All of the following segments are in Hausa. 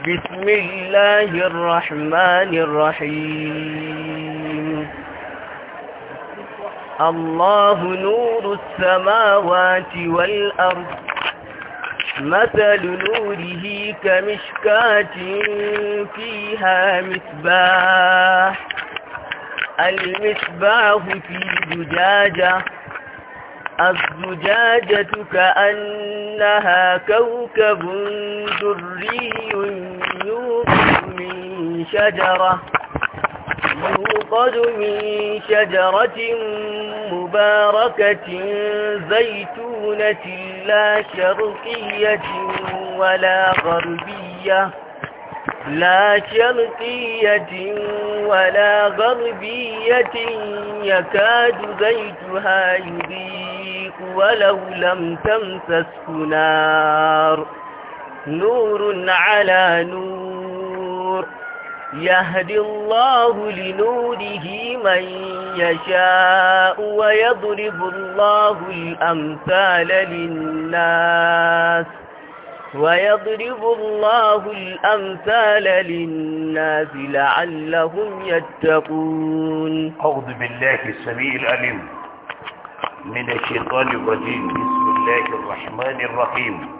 بسم الله الرحمن الرحيم الله نور السماوات والأرض مثل نوره كمشكاة فيها مصباح المصباح في زجاجة الزجاجة كأنها كوكب دري يوقد من شجرة يوقد من شجرة مباركة زيتونة لا شرقية ولا غربية لا شرقية ولا غربية يكاد زيتها يضيق ولو لم تمسسه نار نور على نور يهدي الله لنوره من يشاء ويضرب الله الأمثال للناس ويضرب الله الأمثال للناس لعلهم يتقون أعوذ بالله السميع العليم من الشيطان الرجيم بسم الله الرحمن الرحيم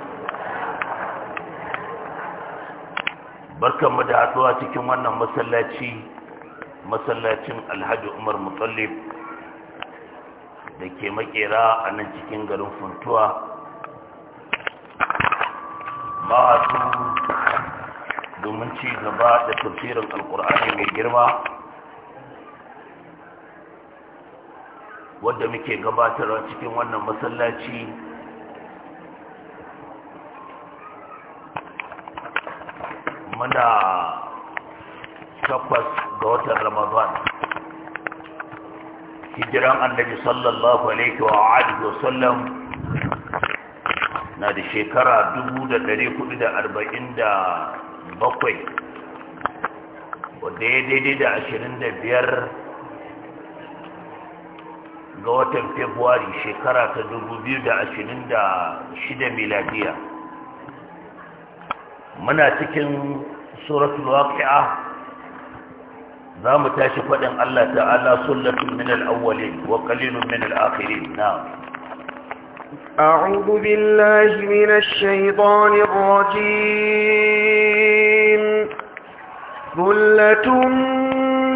mu da haɗuwa cikin wannan masallaci masallacin alhaji umar mutallif da ke makera a nan cikin garin funtuwa masu domin ci gaba da tafsirin alkur'ani mai girma wadda muke gabatarwa cikin wannan masallaci Muna takwas ga watan ramadan hijiran annabi sallallahu alaihi wa alihi wasallam na da shekara bakwai, wanda ya daidai da ashirin da biyar ga watan februari shekara ta dubu biyu da da shida miladiya muna cikin suratul waqi'a za mu tashi faɗin Allah ta'ala sullatun min al-awwalin wa qalilun min al-akhirin na'am a'udhu billahi minash shaitanir rajim sullatun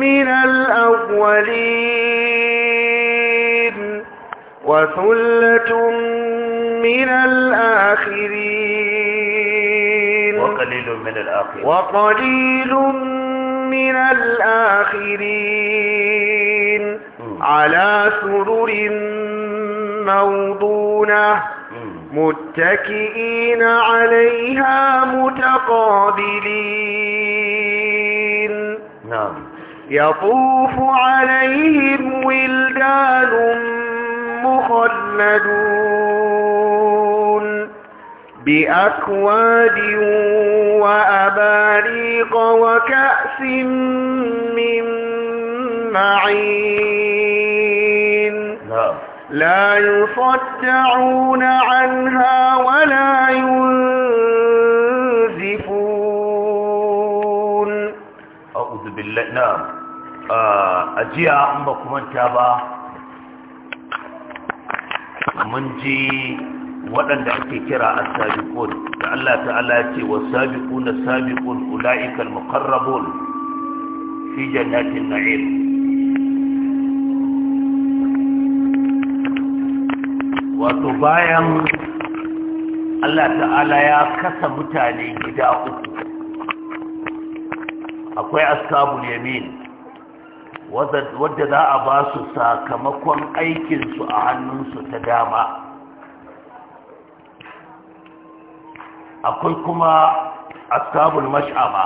min al-awwalin wa sullatun min al-akhirin وقليل من الآخرين وقليل من الآخرين على سرر موضونة متكئين عليها متقابلين نعم يطوف عليهم ولدان مخلدون بأكواد وأباريق وكأس من معين لا, نعم. لا يصدعون عنها ولا ينزفون أعوذ بالله نعم آه، أجي أمكم من أبا منجي waɗanda ake kira as-sabiqun da Allah ta'ala ya ce was-sabiquna sabiqun ulaika al-muqarrabun fi jannatin na'im wato bayan Allah ta'ala ya kasa mutane gida uku akwai ashabul yamin wadda za a ba su sakamakon aikinsu a hannunsu ta dama akwai kuma ashabul mash'ama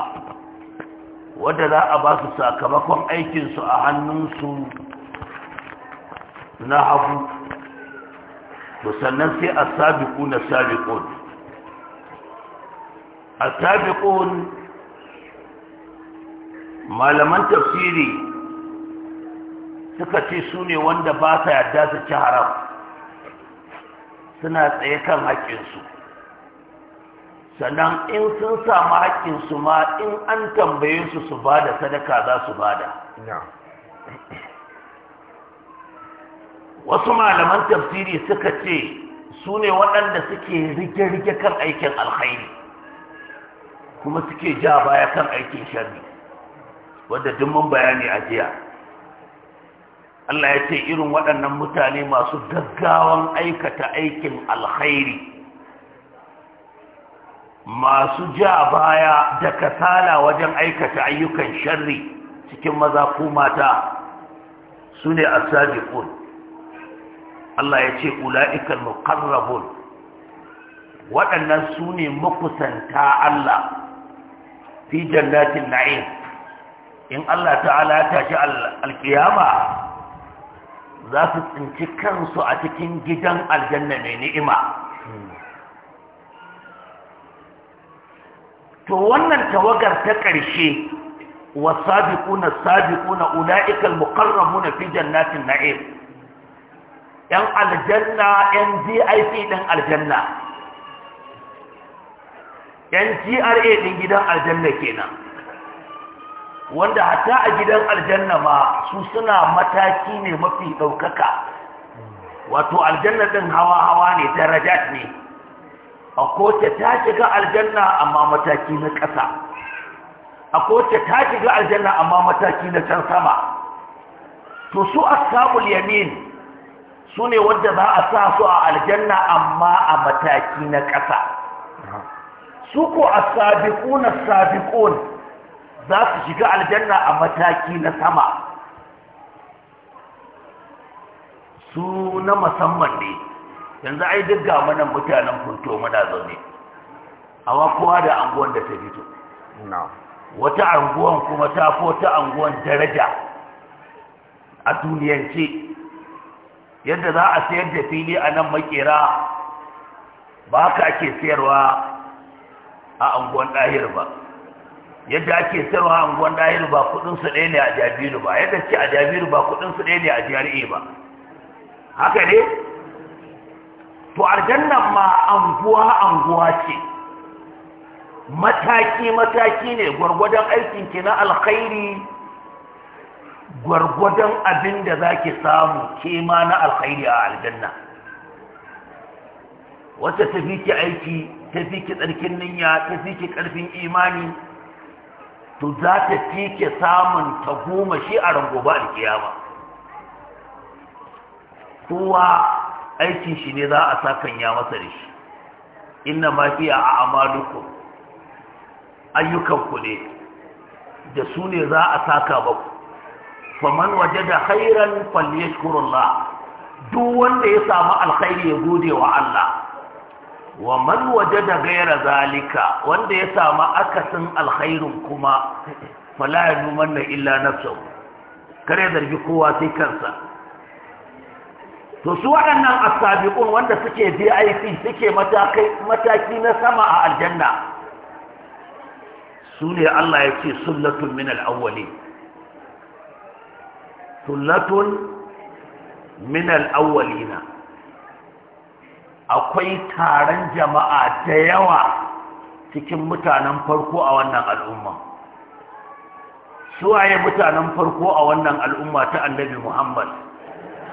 wadda za a ba su sakamakon aikinsu a hannunsu na hagu to sannan sai asabiqu na sabiqun asabiqun malaman tafsiri suka ce su ne wanda ba sa yadda su ci haram suna tsaye kan haƙƙinsu sannan in sun samu haƙƙinsu ma in an tambaye su su ba da sadaka za su ba da wasu malaman tafsiri suka ce su ne waɗanda suke rike-rike kan aikin alkhairi kuma suke ja baya kan aikin sharri wadda dimmin bayani a jiya Allah ya ce irin waɗannan mutane masu gaggawan aikata aikin alhairi masu ja baya da kasala wajen aikata ayyukan sharri cikin maza ko mata su ne asabiqun Allah ya ce ula'ikal muqarrabun waɗannan su ne makusanta Allah fi jannatin na'im in Allah ta'ala ya tashi alkiyama za su tsinci kansu a cikin gidan aljanna mai ni'ima to wannan tawagar ta ƙarshe والسابقون السابقون أولئك المقربون في جنات النعيم ين الجنة ين جي اي في دن الجنة ين جي ار اي دن wanda hatta a gidan aljanna ma su suna mataki ne mafi ɗaukaka wato aljanna ɗin hawa-hawa ne darajat ne a kowace ta shiga aljanna amma mataki na ƙasa a kowace ta shiga aljanna amma mataki na can sama to su ashabul yamin su ne wanda za a sa su a aljanna amma a mataki na ƙasa su ko asabiqun asabiqun za su shiga aljanna a mataki na sama su na musamman ne yanzu ai duk ga mana mutanen kunto muna zaune amma kowa da anguwan da ta fito wata anguwan kuma ta fo ta anguwan daraja a duniyance yadda za a sayar da fili a nan makera ba ka ake sayarwa a anguwan ɗahir ba yadda ake sayarwa a anguwan ɗahir ba kudinsu ɗaya ne a jabiru ba yadda ce a jabiru ba kudinsu ɗaya ne a jari'i ba haka ne to aljannan ma anguwa anguwa ce mataki mataki ne gwargwadon aikin ki na alkhairi gwargwadon abin da zaki samu ke ma na alkhairi a aljanna wata tafi ki aiki tafi ki tsarkin niyya tafi ki karfin imani to za ta fi ki samun ta goma shi a rangoba alkiyama kowa aikin shi ne za a sakan ya masa da shi inna mafiya fiya a amalukum ayyukanku ne da su ne za a saka maku faman waje da khairan falyashkurullah duk wanda ya samu alkhairi ya gode wa Allah wa man waje da gaira zalika wanda ya samu akasin alkhairin kuma fala ya na illa nafsahu kare zargi kowa sai kansa to su waɗannan asabiqun wanda suke VIP suke mataki na sama a aljanna su ne Allah ya ce sullatun min awwali sullatun min al na. akwai taron jama'a da yawa cikin mutanen farko a wannan al'umma suwaye mutanen farko a wannan al'umma ta annabi Muhammad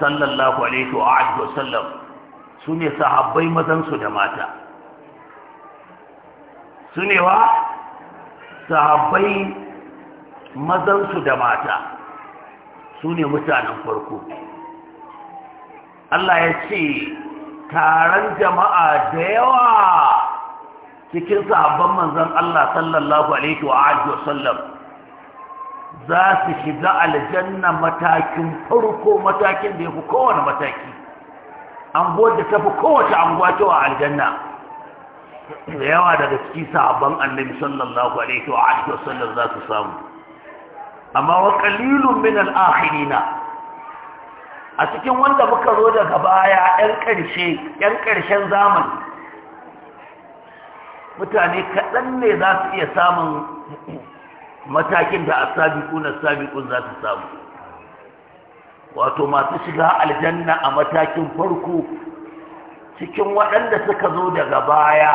sallallahu alaihi wa alihi wasallam sune ne sahabbai mazansu da mata sune wa sahabbai mazansu da mata sune mutanen farko Allah ya ce taron jama'a da yawa cikin sahabban manzon Allah sallallahu alaihi wa alihi wasallam za su shiga aljanna matakin farko matakin da ya fi kowane mataki an da ta fi kowace anguwa wa aljanna da yawa daga ciki sahabban annabi sallallahu alaihi wa alihi wasallam za su samu amma wa qalilun min al-akhirina a cikin wanda muka zo daga baya yan karshe yan karshen zamani mutane kaɗan ne za su iya samun matakin da asabiquna sabiqun za ta samu wato masu shiga aljanna a matakin farko cikin waɗanda suka zo daga baya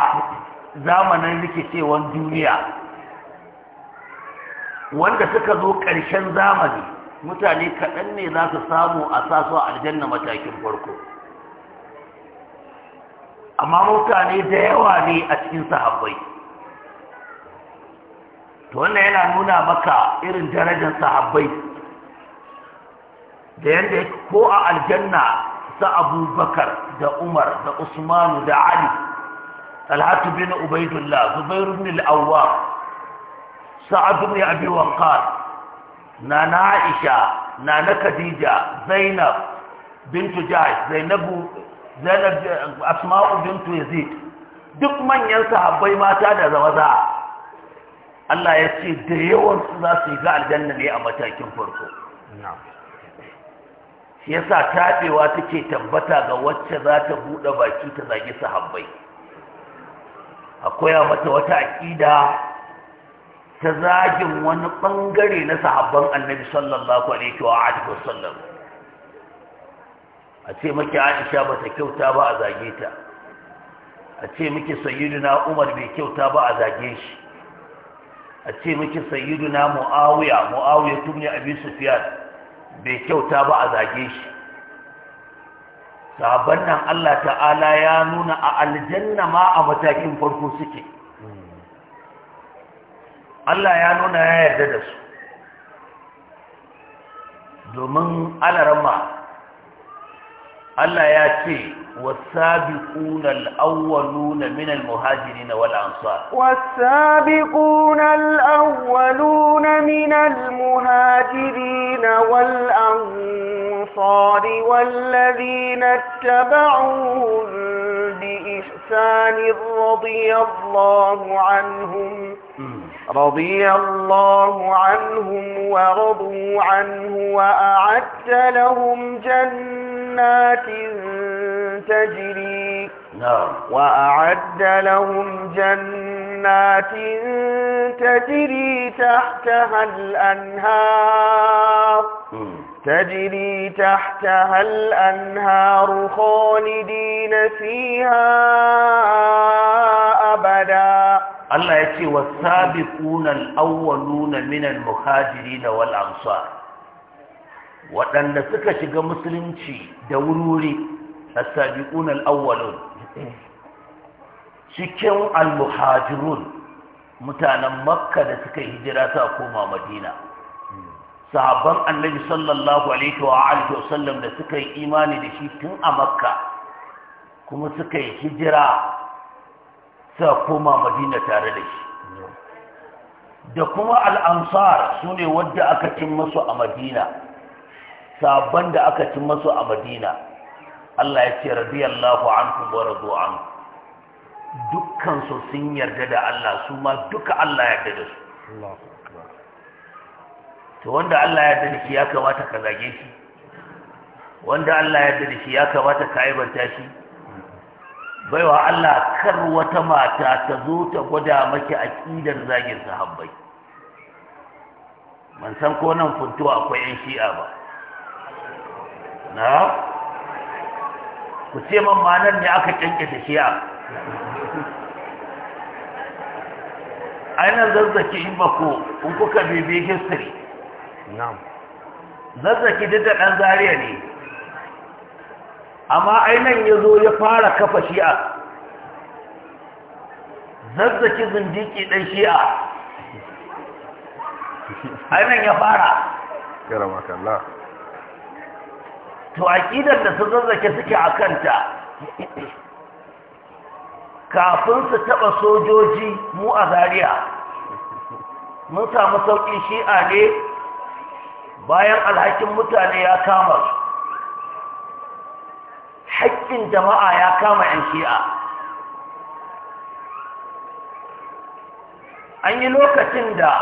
zamanin rikicewan duniya wanda suka zo ƙarshen zamani mutane kaɗan ne za su samu a sasu aljanna matakin farko amma mutane da yawa ne a cikin sahabbai to wannan yana nuna maka irin darajar sahabbai da yadda ko a aljanna sa abubakar da umar da usmanu da ali talhatu bin ubaidullah zubair bin al-awwab sa'ad bin abi waqqas na aisha na khadija zainab bintu jahsh Zainab zainab asma'u bintu yazid duk manyan sahabbai mata da zama Allah ya ce da yawansu za su yi ga aljanna ne a matakin farko shi yasa taɓewa take tabbata ga wacce za ta buɗe baki ta zagi sahabbai akwai mata wata aƙida ta zagin wani ɓangare na sahabban annabi sallallahu alaihi wa alihi sallam. a ce miki Aisha ba ta kyauta ba a zage ta a ce miki sayyidina Umar bai kyauta ba a zage shi a ce miki sayyiduna muawiya muawiya tubni abi sufyan bai kyauta ba a zage shi sabon nan Allah ta'ala ya nuna a aljanna ma a matakin farko suke Allah ya nuna ya yarda da su domin alarama Allah ya ce والسابقون الأولون من المهاجرين والأنصار والسابقون الأولون من المهاجرين والأنصار والذين اتبعوهم بإحسان رضي الله عنهم رضي الله عنهم ورضوا عنه وأعد لهم جنات جنات تجري نعم وأعد لهم جنات تجري تحتها الأنهار تجري تحتها الأنهار خالدين فيها أبدا الله يتي والسابقون الأولون من المهاجرين والأنصار waɗanda suka shiga musulunci da wuri as-sabiqun al-awwalun cikin al-muhajirun mutanen makka da suka hijira ta koma madina sahabban annabi sallallahu da suka yi imani da shi tun a makka kuma suka yi hijira ta koma madina tare da shi da kuma al'ansar su ne wadda aka cin masu a madina sabon da aka cin masu a madina Allah ya ce radiyallahu anhu wa radu an dukkan su sun yarda da Allah su ma duka Allah yarda da su to wanda Allah yarda da shi ya kamata ka zage shi wanda Allah yarda da shi ya kamata ka aibanta shi baiwa Allah kar wata mata ta zo ta gwada maki aqidar zagin sahabbai man san ko nan funtuwa akwai yan shi'a ba na ku ce man ma nan ne aka shi shi'a ainihin zazzaki in ba ku in kuka bibi history zazzaki duk da ɗan zariya ne amma ainihin ya zo ya fara kafa a zazzaki zindiki ɗan shi'a ainihin ya fara ƙaramakalla to aƙidar da su zazzake suke a kanta kafin su taɓa sojoji mu a zariya mun samu sauƙin shi'a ne bayan alhakin mutane ya kama su haƙƙin jama'a ya kama 'yan shi'a an yi lokacin da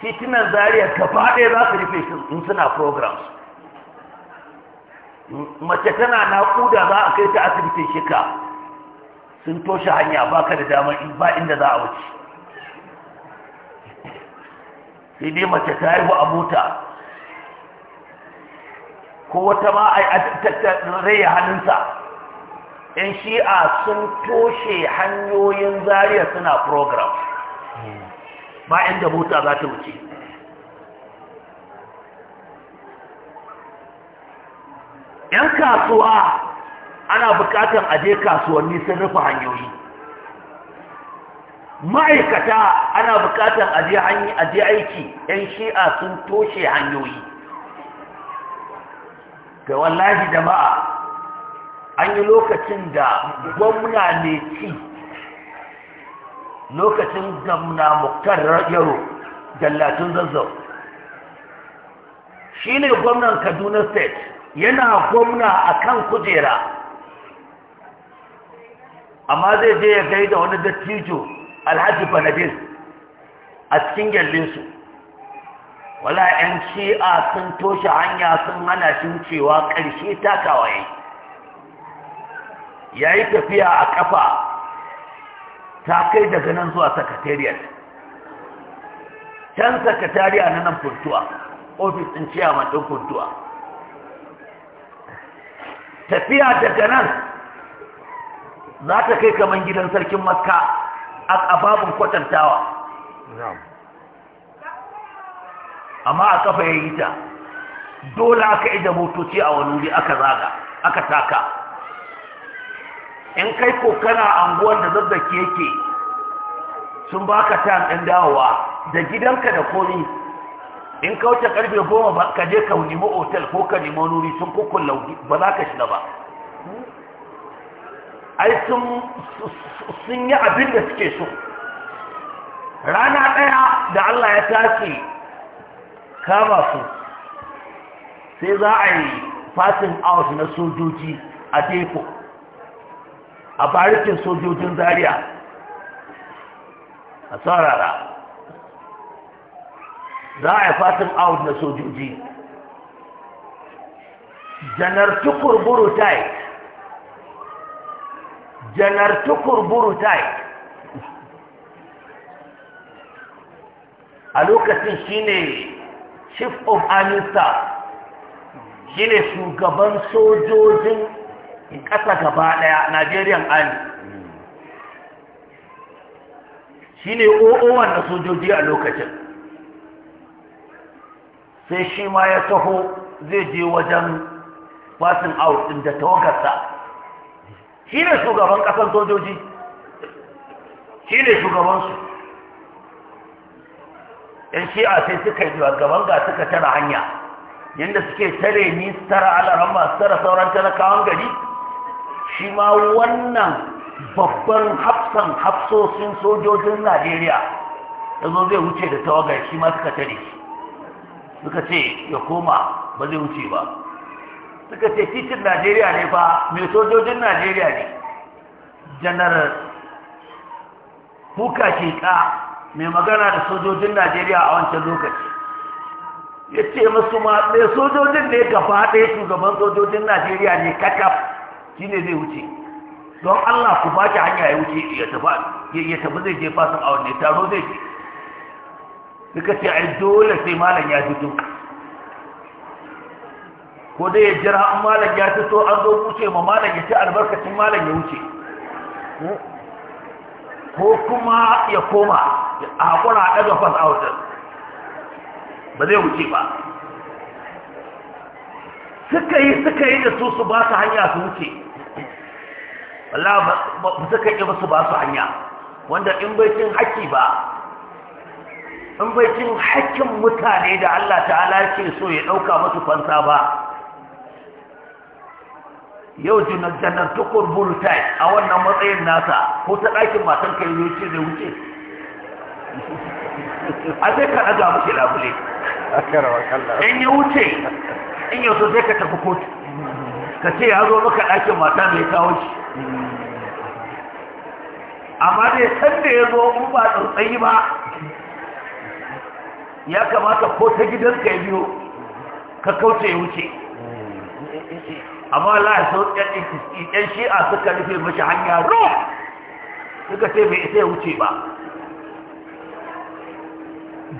titunan zariya gaba ɗaya za su rufe in suna programs mace tana naƙuda za a kai ta asibitin shika sun toshe hanya ba ka da damar ba inda za a wuce sai dai mace ta haihu a mota ko wata ma a rage hannunsa yan shi'a sun toshe hanyoyin zariya suna program ba inda mota za ta wuce 'yan kasuwa ana bukatan aje kasuwanni sun rufe hanyoyi ma'aikata ana bukatan aje aje aiki 'yan shi'a sun toshe hanyoyi ga wallahi jama'a an yi lokacin da gwamna ne ci lokacin gamna muktar yaro dallatin zazzau shi ne gwamnan kaduna state yana gwamna a kan kujera amma zai je ya gaida wani dattijo alhaji banadis a cikin gyallinsu wala 'yan shi'a sun toshe hanya sun hana shi wucewa ƙarshe takawa yayi ya yi tafiya a ƙafa ta kai daga nan zuwa sakatariyar can sakatariya na nan furtuwa ofis ɗin ciyaman ɗin furtuwa tafiya daga nan za ta kai kamar gidan sarkin maska a ababin kwatantawa amma a kafa ya yi ta dole aka ida motoci a wani wuri aka zaga aka taka in kai ko kana anguwar da zazzaki yake sun baka tan ɗin dawowa da gidanka da komi in ka wuce karfe goma ba ka je ka nemi otal ko ka nemi nuri sun lauki ba za ka shiga ba ai sun yi abin da suke so rana ɗaya da Allah ya tashi kama su sai za a yi fasin out na sojoji a depo a barikin sojojin Zariya, a saurara za a yi fatin out na sojoji janar tukur tai janar tukur tai a lokacin shine chief of army staff shine shugaban sojojin kasa gaba daya nigerian army shine oo na sojoji a lokacin sai shi ma ya taho zai je wajen basin out din da tawagarsa shi ne shugaban kasar sojoji shi ne shugabansu yan shi'a sai suka yi gaban ga suka tara hanya yadda suke tare ni su tara alarama su tara sauran talakawan gari shi ma wannan babban hafsan hafsoshin sojojin najeriya ya zo zai wuce da tawagar shi ma suka tare shi suka ce ya koma ba zai wuce ba suka ce titin najeriya ne fa mai sojojin najeriya ne janar kuka ka mai magana da sojojin najeriya a wancan lokaci ya ce masu ma ɗaya sojojin ne gaba ɗaya shugaban sojojin najeriya ne kakaf shi ne zai wuce don allah ku ba hanya ya wuce ya tafi zai je fasin a wanne taro zai je suka ce ai dole sai malam ya fito ko dai ya jira an malam ya fito an zo wuce ma malam ya ci albarkacin malam ya wuce ko kuma ya koma a hakura a ɗaga fas out ba zai wuce ba suka yi suka yi da su su ba su hanya su wuce wallah ba suka yi ba su ba su hanya wanda in bai cin haƙƙi ba in bai cin hakkin mutane da Allah ta'ala ke so ya ɗauka musu fansa ba yau janar tukur bulletin a wannan matsayin nasa ko ta ɗakin matan kai yau ce zai wuce a zai ka ɗaga mashi labule in ya wuce in yau zai ka tafi kotu ka ce ya zo maka ɗakin mata mai kawo shi amma dai sanda ya zo in ba tsautsayi ba ya kamata ko ta gidan ka biyo ka kauce ya wuce amma la sau ɗan shi'a suka rufe mashi hanya ro suka ce bai isa ya wuce ba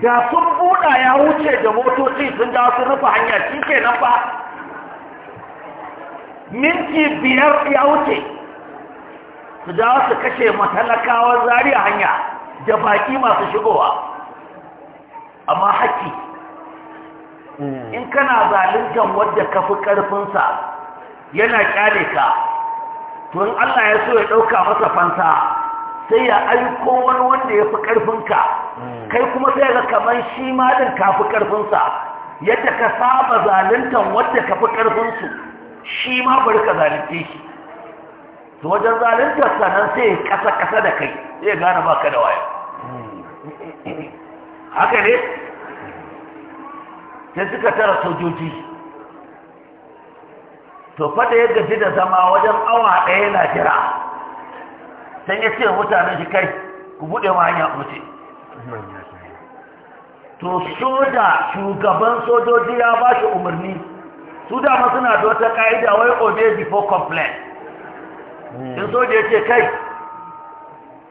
da sun buɗa ya wuce da motoci sun ga sun rufe hanya shi ke nan ba minti biyar ya wuce su da su kashe matalakawar zari a hanya da baki masu shigowa amma haƙƙi hmm. in kana zaluntan wadda ka fi ƙarfinsa yana ƙyale ka to Allah ya so ya ɗauka masa fansa sai ya aiko wani wanda ya fi ƙarfinka hmm. kai kuma sai ya kamar shi ma din ka fi ƙarfinsa yadda ka saba zaluntan wadda ka fi ƙarfinsu shi ma bari ka zalunce shi wajen zaluntar sanan sai ya ƙasa-ƙasa da kai zai gane baka da waya haka ne sai suka tara sojoji to fata ya gaji da zama wajen awa ɗaya na jira sai ya ce mutane shi kai ku buɗe ma hanya wuce to soja shugaban sojoji ya ba shi umarni su dama suna da wata ka'ida wai obey before complaint hmm. in soja ya ce kai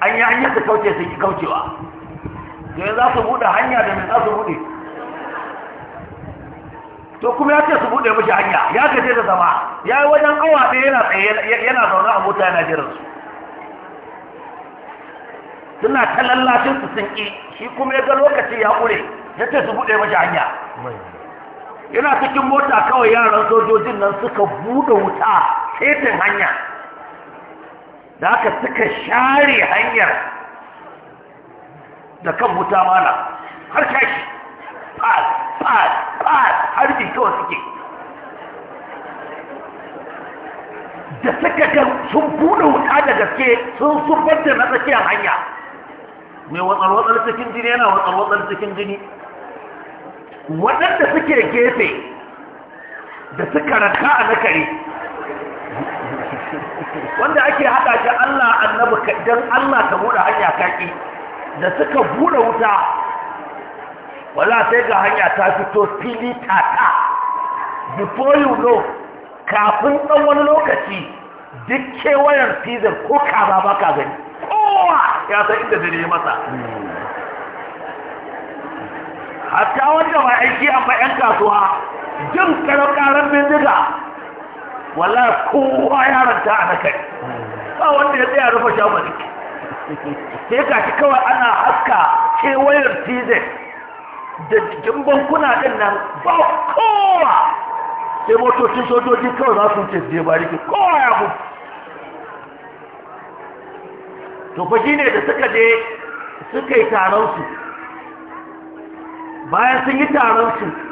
an yi hanyar da kauce sai ki kaucewa da za su buɗe hanya da mai za su buɗe to kuma ya ce su buɗe mashi hanya ya gaje da zama ya yi wajen awa ɗaya yana tsaye yana zaune a mota yana jiran su suna ta lallashin su sun ƙi shi kuma ya ga lokaci ya ƙure ya ce su buɗe mashi hanya yana cikin mota kawai yaran sojojin nan suka buɗe wuta fetin hanya da haka suka share hanyar da kan wuta mana har kashi fas fas fas har bi kawai suke da suka ga sun buɗe wuta da gaske sun zubar da na tsakiyar hanya mai watsar-watsar cikin jini yana watsar-watsar cikin jini waɗanda suke gefe da suka raka a nakari wanda ake haɗa shi Allah annabi kaddan Allah ta buɗe hanya kaki da suka buɗe wuta wala sai ga hanya ta fito fili tata before you know kafin ɗan wani lokaci duk kewayen tizar ko kaza ba ka gani kowa ya san inda yi masa hatta wanda ba aiki amma 'yan kasuwa jin karakarar bindiga Wala kowa ya ranta a kai ba wanda ya tsaya rufe shagon sai ka ci kawai ana haska kewayar tz da jikin bankuna ɗin nan ba kowa sai motocin sojoji kawai za su wuce ba bariki kowa ya bu to fa ne da suka je suka yi taron su bayan sun yi taron su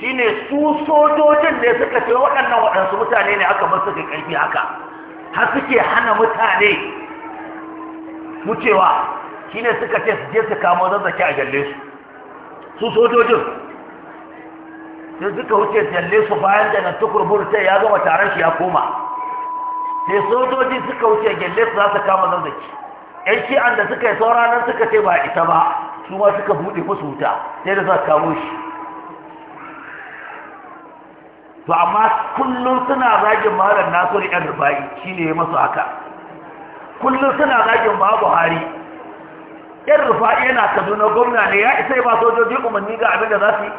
shine su sojojin ne suka ce waɗannan waɗansu mutane ne aka masu suka ƙarfi haka har suke hana mutane wucewa shine suka ce su je su kamo zazzaki a jalle su su sojojin sai suka wuce jalle su bayan da na tukurbur sai ya zama taron shi ya koma sai sojoji suka wuce jalle su za su kama zazzaki yan shi'an da suka yi sauranan suka ce ba ita ba su ma suka buɗe musu wuta sai da za su kamo shi to amma kullum suna zagin malam nasiru yan rufa'i shi ya masu haka kullum suna zagin ba buhari yan rufa'i yana kaduna gwamna ne ya isa ba sojoji umarni ga abin da za su yi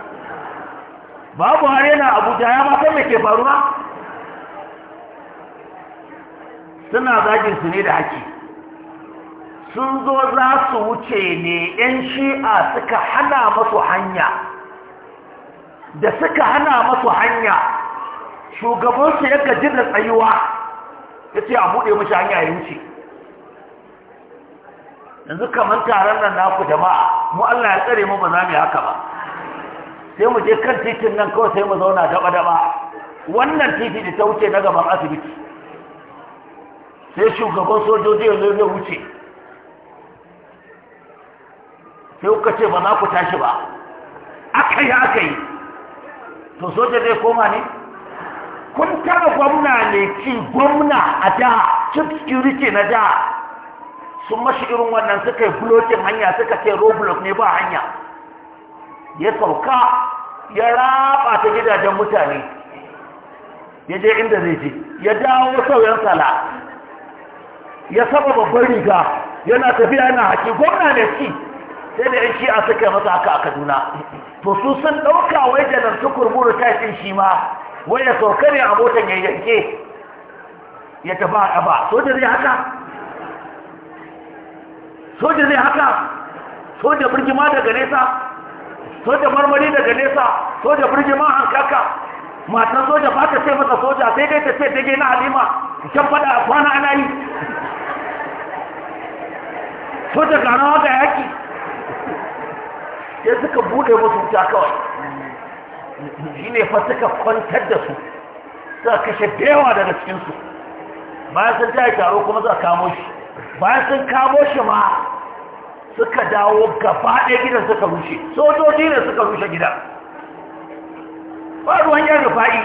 ba buhari yana abuja ya ma san ke faruwa suna zagin su ne da haƙƙi sun zo za su wuce ne 'yan shi'a suka hana masu hanya da suka hana masu hanya shugabansu ya gajin da tsayuwa ya ce a buɗe mashi hanya ya wuce yanzu kamar taron nan naku jama'a mu Allah ya tsare mu ba za mu yi haka ba sai mu je kan titin nan kawai sai mu zauna daba-daba wannan titi da ta wuce na gaban asibiti sai shugaban sojoji ya wuce sai kuka ce ba za ku tashi ba aka yi aka yi to soja zai koma ne kun tara gwamna ne ci gwamna a jiha chief security na jiha sun mashi irin wannan suka yi blocking hanya suka ce roblox ne ba hanya ya sauka ya raba ta gidajen mutane ya je inda zai je ya dawo sauyan sala ya saba babban riga yana tafiya yana haƙi gwamna ne ci sai da yan shi'a suka yi masa haka a kaduna to su sun ɗauka wai janar su kurburu ta shi ma wai ya sauka ne a motar ya yanke ya tafi a ba soja zai haka soja zai haka soja birgima daga nesa soja marmari daga nesa soja birgima hankaka matan soja ba ta ce masa soja sai dai ta ce dage na halima can fada a kwana ana yi soja ganawa ga yaki sai suka bude musu wuta kawai ne fa suka kwantar da su suka kashe da daga cikinsu bayan sun ta taro kuma suka kamo shi bayan sun kamo shi ma suka dawo gaba ɗaya gidan suka rushe sojoji ne suka rushe gida. ba ruwan yan rufa'i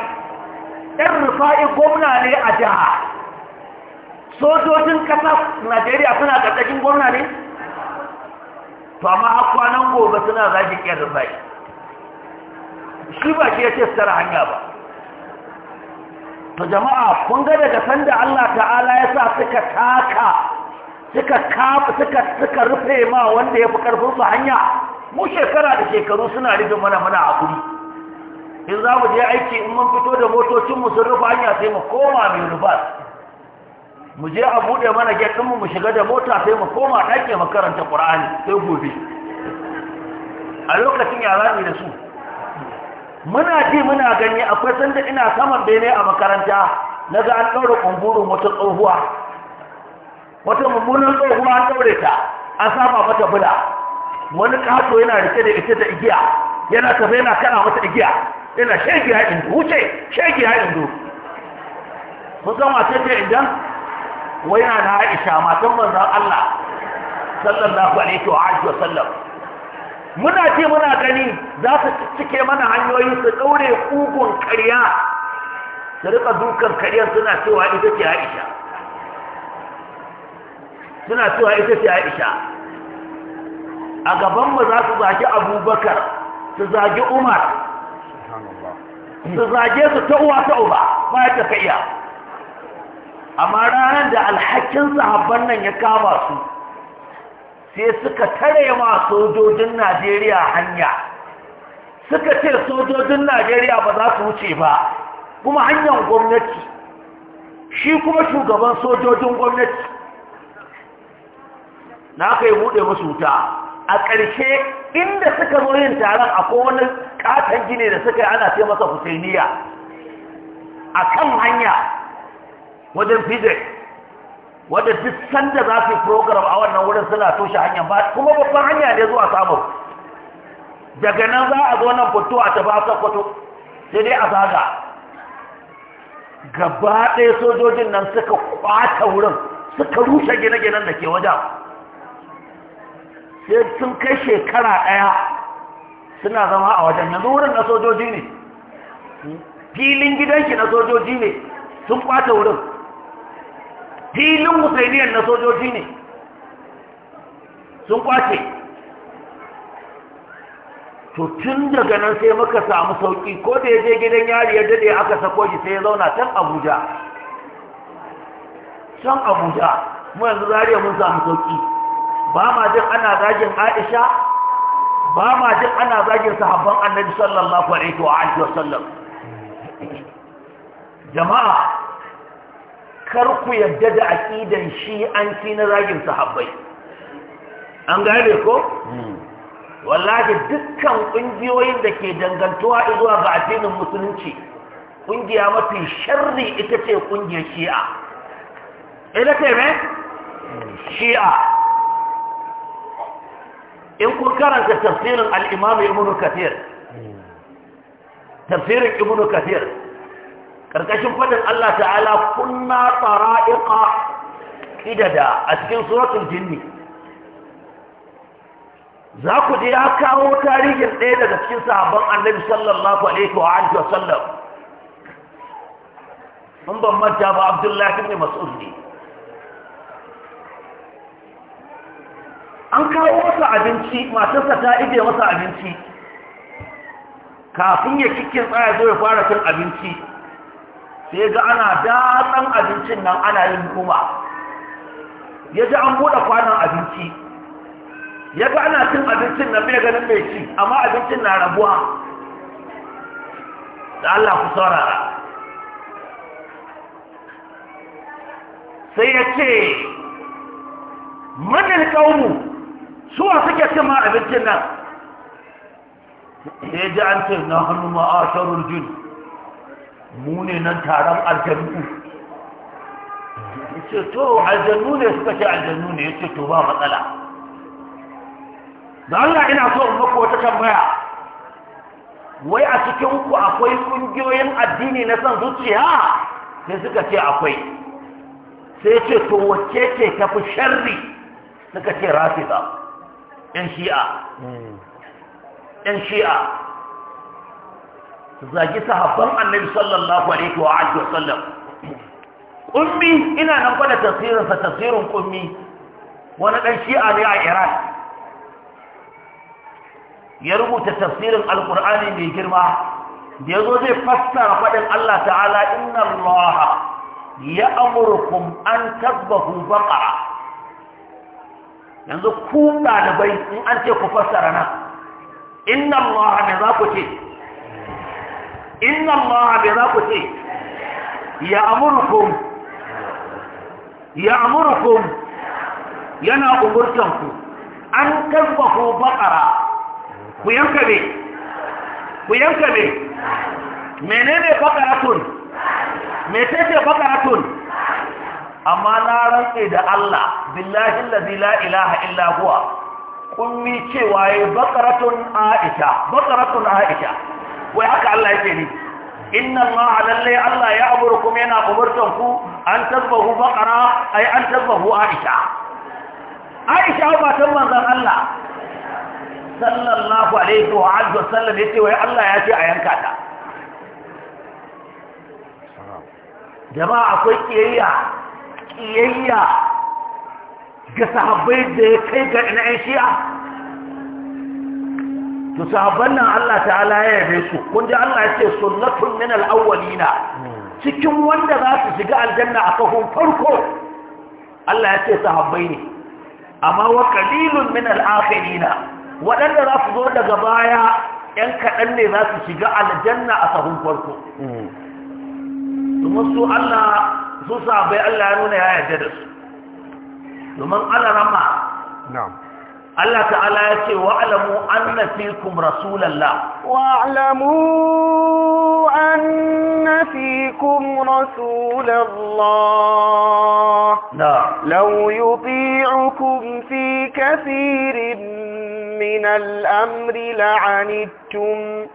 yan rufa'i gwamna ne a jiha sojojin ƙasa najeriya suna ƙarƙashin gwamna ne to amma kwanan gobe suna zagi yan rufa'i shi ba shi ya ce su tara hanya ba to jama'a kun ga daga sanda Allah ta'ala ya sa suka taka suka kafa suka suka rufe ma wanda ya fi karfin su hanya mu shekara da shekaru suna rufe mana mana a kuri in za mu je aiki in mun fito da motocinmu sun rufe hanya sai mu koma mai rufa mu je a buɗe mana gyaɗinmu mu shiga da mota sai mu koma ɗaki makaranta Ƙur'ani, sai gobe a lokacin yara ne da su muna ji muna gani akwai sanda ina saman bene a makaranta na ga an ɗaure kumburin wata tsohuwa wata mummunan tsohuwa an ɗaure ta an saba mata bula wani kato yana rike da ita da igiya yana tafe yana kana mata igiya yana shegiya indu wuce shegiya indu mun zama ce ce idan wai na Aisha matan manzon Allah sallallahu alaihi wa alihi wa sallam muna ce muna gani za su cike mana hanyoyi su ɗaure kugun karya su rika dukan ƙarya suna cewa ita ce aisha suna cewa ita ce aisha a gabanmu za su zage abubakar su zage umar su zage su ta uwa ta uba ba ya tafiya amma ranar da alhakin sahabban nan ya kama su sai suka tare ma sojojin najeriya hanya suka ce sojojin najeriya ba za su wuce ba kuma hanyar gwamnati shi kuma shugaban sojojin gwamnati na kai buɗe masu wuta a ƙarshe inda suka zo yin taron akwai wani ƙaton gine da suka yi ana ce masa husainiya a kan hanya wajen fidai wadda duk sanda za su program a wannan wurin suna toshe hanyar ba kuma babban hanya ne zuwa samun daga nan za a zo nan fito a tafi kwato sai dai a zaga gaba ɗaya sojojin nan suka kwata wurin suka rushe gine-ginen da ke wajen sai sun kai shekara ɗaya suna zama a wajen yanzu wurin na sojoji ne filin gidanki na sojoji ne sun kwata wurin filin husainiyar na sojoji ne sun kwace to tun daga nan sai muka samu sauki ko da ya je gidan yari ya dade aka sako shi sai ya zauna can abuja can abuja mu yanzu zariya mun samu sauki ba ma jin ana zagin aisha ba ma jin ana zagin sahabban annabi sallallahu alaihi wa wa sallam jama'a kar ku yadda da aƙidan shi an ci na zagin sahabbai an gane ko hmm. wallahi dukkan ƙungiyoyin da ke dangantuwa zuwa ga addinin musulunci ƙungiya mafi sharri ita ce ƙungiyar shi'a Ina ce me shi'a in kun karanta tafsirin al'imam ibn kathir hmm. tafsirin ibn kathir karkashin fadin Allah ta'ala kunna tara'iqa idada a cikin suratul jinni za ku je ya kawo tarihin ɗaya daga cikin sahabban annabi sallallahu alaihi wa alihi wasallam in ban manta ba abdullahi ibn mas'ud ne an kawo masa abinci matarsa ta ije masa abinci kafin ya kikin tsaya zo ya fara cin abinci sai ga ana datsan abincin nan ana yin kuma ya ji an buɗe kwanon abinci ya ga ana cin abincin nan bai ganin mai ci amma abincin na rabuwa da Allah ku saurara sai ya ce manil kaunu suwa suke cin ma abincin nan sai ya ji an ce na hannu ma'asharul jini mu ne nan taron aljannu ce to aljannu ne suka ce aljannu ne ya to ba matsala da Allah ina so in maka wata tambaya wai a cikin ku akwai kungiyoyin addini na san zuciya sai suka ce akwai sai ce to wacce ce tafi sharri suka ce rafida yan shi'a hmm. yan shi'a zagi sahabban annabi sallallahu alaihi wa alihi wasallam ummi ina nan kwada tafsirin sa tafsirin ummi wani dan shi'a ne a Iran ya rubuta tafsirin alqur'ani mai girma da yazo zai fassara fadin Allah ta'ala inna Allah ya amurkum an tadbahu baqara yanzu ku dalibai in an ce ku fassara nan inna Allah ne za ku ce inna Allah bai za ku ce ya amurkum ya amurkum yana umurtanku an ko baƙara ku yanka ne ku yanka ne menene baƙaratun metete baƙaratun amma na rantse da Allah billahi allazi la ilaha illa huwa kun mi cewa ya baƙaratun Aisha baƙaratun Aisha wai haka Allah yake ni inna Allah lalle Allah ya aburukum yana umurtan ku an tasbahu baqara ay an tasbahu aisha aisha ba ta manzon Allah sallallahu alaihi wa alihi wasallam yace wai Allah ya ce a yanka ta jama'a akwai kiyayya kiyayya ga sahabbai da ya kai ga ina shi'a to sahabban nan Allah ta'ala ya yabe su kun ji Allah ya ce sunnatun min al-awwalina cikin wanda za su shiga aljanna a kafin farko Allah ya ce sahabbai ne amma wa qalilun min al-akhirina waɗanda za su zo daga baya ƴan kaɗan ne za su shiga aljanna a kafin farko domin su Allah su sahabbai Allah ya nuna ya yarda da su domin Allah rama na'am Allah ta'ala ya ce wa'alamu anna fikum rasulallah wa'alamu anna fikum rasulallah na law yuti'ukum fi kathirin min al-amri la'anittum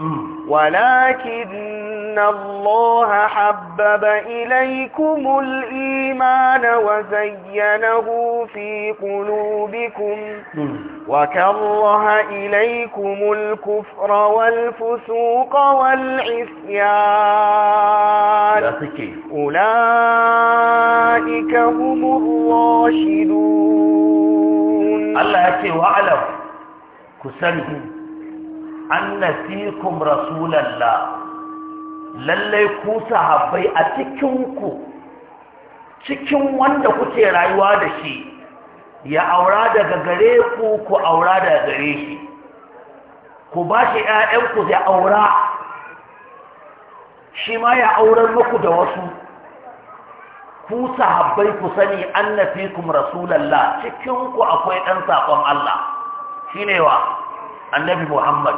walakin Allah habbaba ilaykum al-iman wa zayyanahu fi qulubikum وكره إليكم الكفر والفسوق والعصيان أولئك هم الراشدون الله يكي وعلم كسنه أن فيكم رسول الله lallai ku sahabbai a cikinku cikin wanda kuke rayuwa da shi ya aura daga gare ku ku aura daga gare shi ku ba shi ‘ya'yanku ya aura shi ma ya aurar muku da wasu ku sahabbai ku sani annafikum rasulallah cikin ku akwai ɗan saƙon Allah shi ne wa annabi Muhammad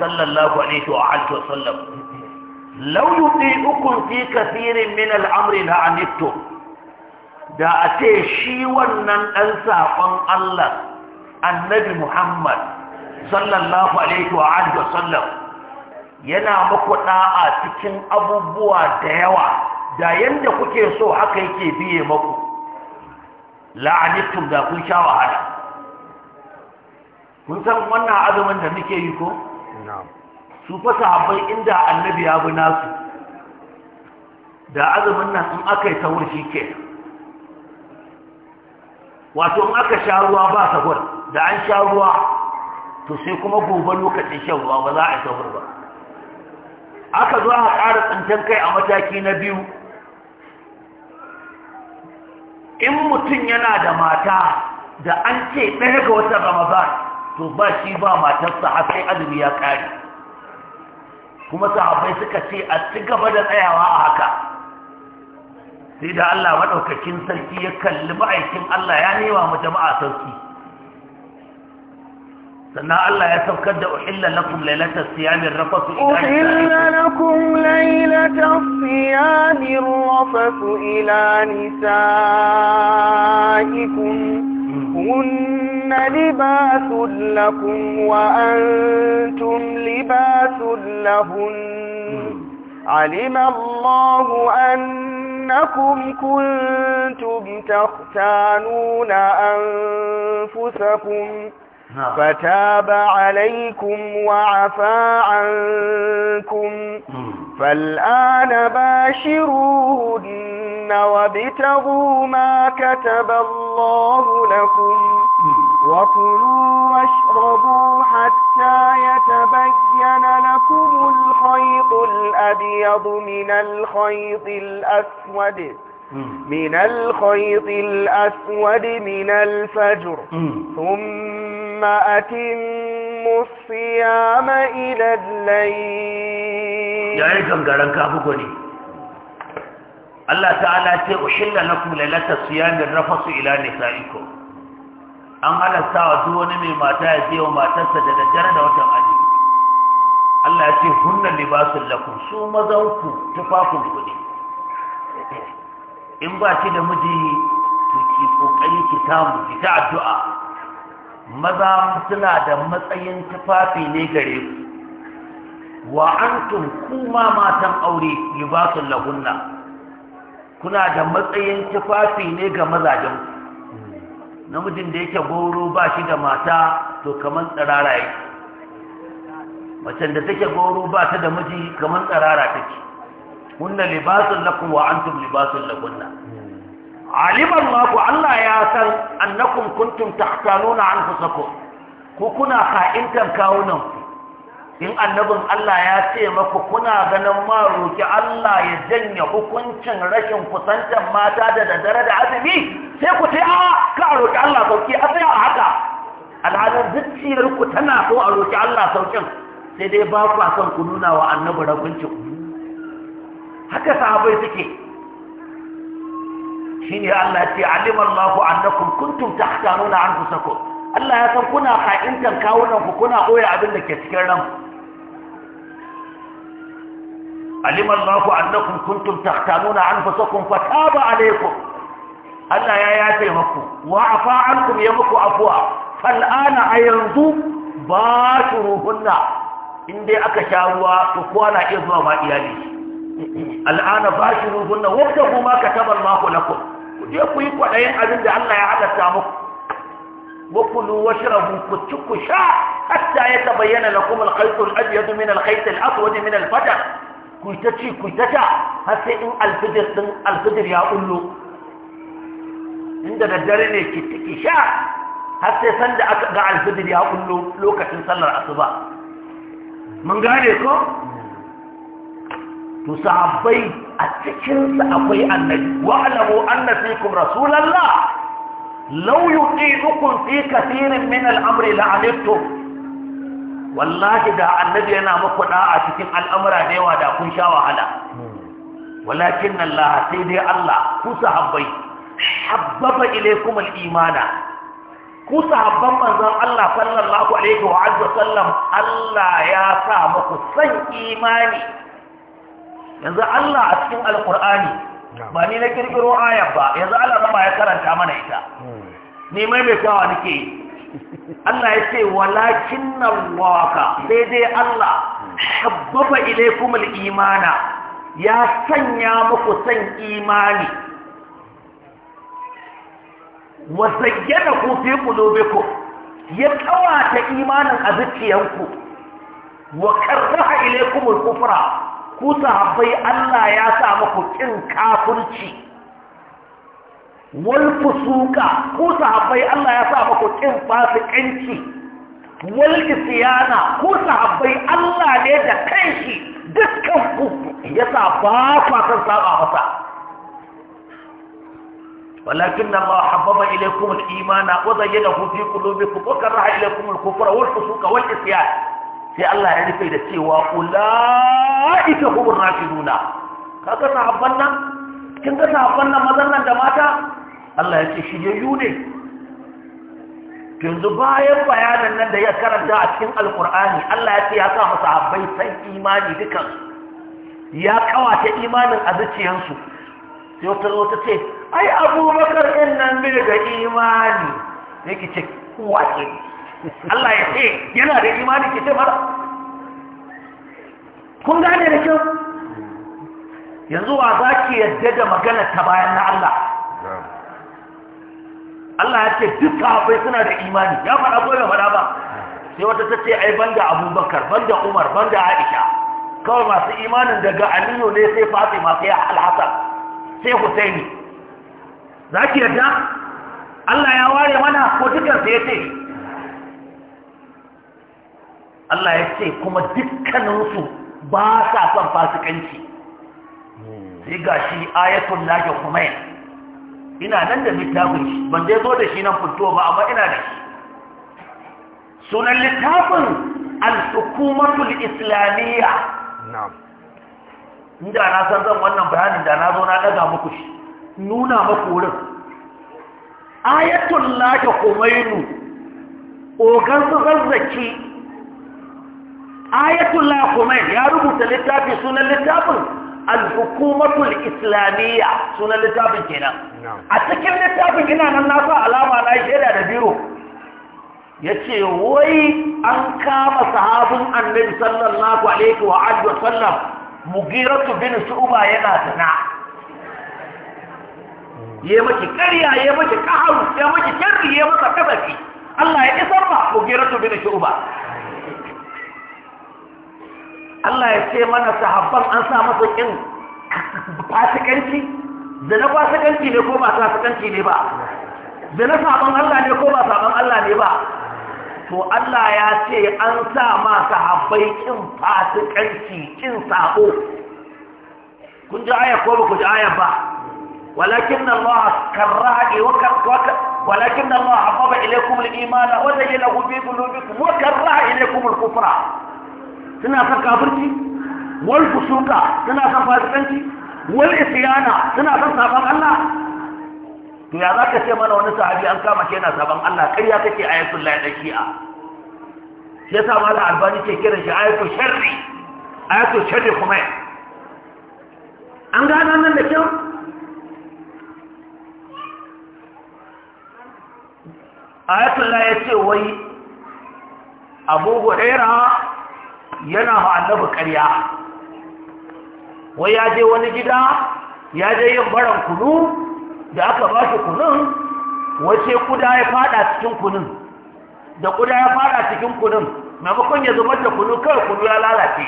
sallallahu alaihi wa alihi wa sallam law yuqiukum fi kathirin min al-amri la'anittum da a ce shi wannan ɗan saƙon Allah annabi Muhammad sallallahu alaihi wa alihi wasallam yana muku a cikin abubuwa da yawa da yadda kuke so haka yake biye muku la'anitum da kun sha wahala kun san wannan azumin da muke yi ko su fasa haɓar inda annabi ya bi nasu da azumin nan in aka yi ta shi kenan wato in aka sha ruwa ba sahur da an sha ruwa to sai kuma gobe lokacin shan ruwa ba za a sahur ba aka zo a ƙara tsantan kai a mataki na biyu in mutum yana da mata da an ce ɗaya ga wata ramadan to ba shi ba matarsa har sai azumi ya ƙare kuma sahabbai suka ce a ci gaba da tsayawa a haka sai da Allah maɗaukakin sarki ya kalli ma'aikin Allah ya newa mu jama'a sauki sannan Allah ya saukar da uhilla lakum lailatal siyamin rafasu uhilla lakum lailatal siyamin rafasu ila nisaikum هن لباس لكم وأنتم لباس لهن علم الله أن أنكم كنتم تختانون أنفسكم فتاب عليكم وعفى عنكم فالآن باشروهن وابتغوا ما كتب الله لكم وكلوا واشربوا حتى يتبين لكم الخيط الأبيض من الخيط الأسود من الخيط الأسود من الفجر ثم أتموا الصيام إلى الليل يا الله تعالى تي لكم ليلة الصيام الرفص إلى نسائكم an halasta wa duk wani mai mata ya ce wa matarsa da daddare da watan azumi Allah ya ce hunna libasun lakum su mazan ku tufafin ku ne in ba ki da miji to ki kokari ki samu ki ta addu'a maza suna da matsayin tufafi ne gare ku wa antum kuma matan aure libasun lahunna kuna da matsayin tufafi ne ga mazajen ku namijin da yake goro ba shi da mata to kamar tsarara yake macen da take goro ba ta da miji kamar tsarara take kunna libasul lakum wa antum libasul lakunna alim Allah Allah ya san annakum kuntum tahtanuna anfusakum ku kuna ka'intan kawunan in annabin Allah ya ce maku kuna ganin ma roki Allah ya janye hukuncin rashin kusantar mata da daddare da azumi sai ku ce a ka a roƙi Allah sauƙi, a tsaya a haka alhalin zuciyar ku tana so a roƙi Allah sauƙin, sai dai ba ku son ku nuna wa annabi ragunci ku haka sahabai suke Shi ne Allah ce alima Allahu annakum kuntum tahtanuna anfusakum Allah ya san kuna ka'intan kawunan ku kuna ɓoye abin da ke cikin ranku علم الله أنكم كنتم تختانون أنفسكم فتاب عليكم Allah ya yafe maku wa afa ankum ya muku afwa Al'ana a yanzu ba su ruhunna in dai aka sha ruwa to kowa na iya zuwa ma iyali al'ana ba shi ruhunna wanda kuma ka tabar mako na ku ku je ku yi kwaɗayin abin da Allah ya halatta muku wakulu washrabu ku ci ku sha hatta ya tabayyana lakum al-khayt al-abyad min al-khayt al-aswad min al-fajr ku ta ci ku ta sha har sai in alfijir din alfijir ya ullo inda daddare ne ki tiki sha har sai sanda aka ga alfijir ya kullo lokacin sallar asuba mun gane ko to sahabbai a cikin sa akwai annabi wa alamu anna fikum rasulullah law yuqidukum fi kathirin min al-amri la'anittum wallahi da annabi yana muku a cikin al'amura da yawa da kun sha wahala hmm. walakin Allah sai dai Allah ku sahabbai habbaba ilaykum al-imana ku sahabban manzon Allah sallallahu alaihi wa azza sallam Allah ya sa muku san imani yanzu Allah a cikin alqur'ani ba ni na kirkiro aya ba yanzu Allah ba ya karanta mana ita hmm. ni mai mai kawa nake Allah ya ce walakin Allah sai dai Allah habbaba ilaykum al-imana ya sanya muku san imani wa zayyana ku fi ku ya kawata imanin a zuciyanku wa karraha ilaykum al-kufra ku sahabbai Allah ya sa muku kin kafirci wal fusuka ku sahabbai Allah ya sa muku kin fasikanci wal isyana ku sahabbai Allah ne da kanshi dukkan ku ya sa ba ku san saba masa ولكن الله حبب إليكم الإيمان وزينه في قلوبكم وكره إليكم الكفر والفسوق والعصيان sai Allah ya rufe da cewa ula'ika hubur rafiduna kaga sahabban nan kin ga sahabban nan mazan nan da mata Allah ya ce shiyayyu ne yanzu bayan bayanan nan da ya karanta a cikin alkur'ani Allah ya ce ya sa san imani dukan ya imanin a zuciyarsu sai wata ta ce ai abubakar ɗin nan bi daga imani ki ce kuwa ce Allah ya ce yana da imani ke ce mara kun gane da kyau yanzu wa za ki yadda da magana ta bayan na Allah Allah ya ce duk kafai suna da imani ya faɗa ko ya faɗa ba sai wata ta ce ai banda abubakar banda umar banda aisha kawai masu imanin daga aliyu ne sai fatima sai al hassan sai Hussaini, za ki yadda Allah ya ware mana ko dukansa ya ce Allah ya ce kuma dukkaninsu ba sa son fasikanci sai ga shi ayatul lahi kuma ina nan da littafin shi ban dai zo da shi nan fito ba amma ina da shi sunan littafin al-hukumatul islamiyya na'am in da na san zan wannan bayanin da na zo na daga muku shi nuna muku wurin ayatul laka kumainu ogan su zazzaki ayatul laka kumain ya rubuta littafi sunan littafin al-hukumatul islamiyya sunan littafin kenan a cikin littafin ina nan na sa alama na shaida da biro ya ce wai an kama sahabin annabi sallallahu alaihi wa alihi wa sallam mugiratu bin su'uba yana zina ya maki ƙarya ya maki ƙaharu ya maki sharri ya masa kafafi. Allah ya isar ma mugiratu bin su'uba Allah ya ce mana sahabban an sa masa kin fasikanci fasi kanci ne ko ba kanci ne ba Da na saban Allah ne ko ba saban Allah ne ba to Allah ya ce an sa ma sahabbai kin fasikanci kin sako kun ji aya ko ku ji aya ba walakin Allah karaha e wa karaha walakin Allah habba ilaykum al-iman wa zayyana bi qulubikum wa karaha ilaykum al-kufra kina san kafirci wal fusuka kina san fasikanci wal isyana kina san sabon Allah to ya za ka ce mana wani sahabi an kama shi yana sabon Allah ƙarya kake ayatul lahi da shi'a shi yasa mala albani ke kiran shi ayatul sharri ayatul sharri kuma an gano nan da kyau ayatul lahi ya ce wai abu huraira yana ma annabi ƙarya wai ya je wani gida ya je yin baran kunu da aka ba shi kunun wace kuda ya fada cikin kunun da kuda ya fada cikin kunun maimakon ya zubar da kunu kawai kunu ya lalace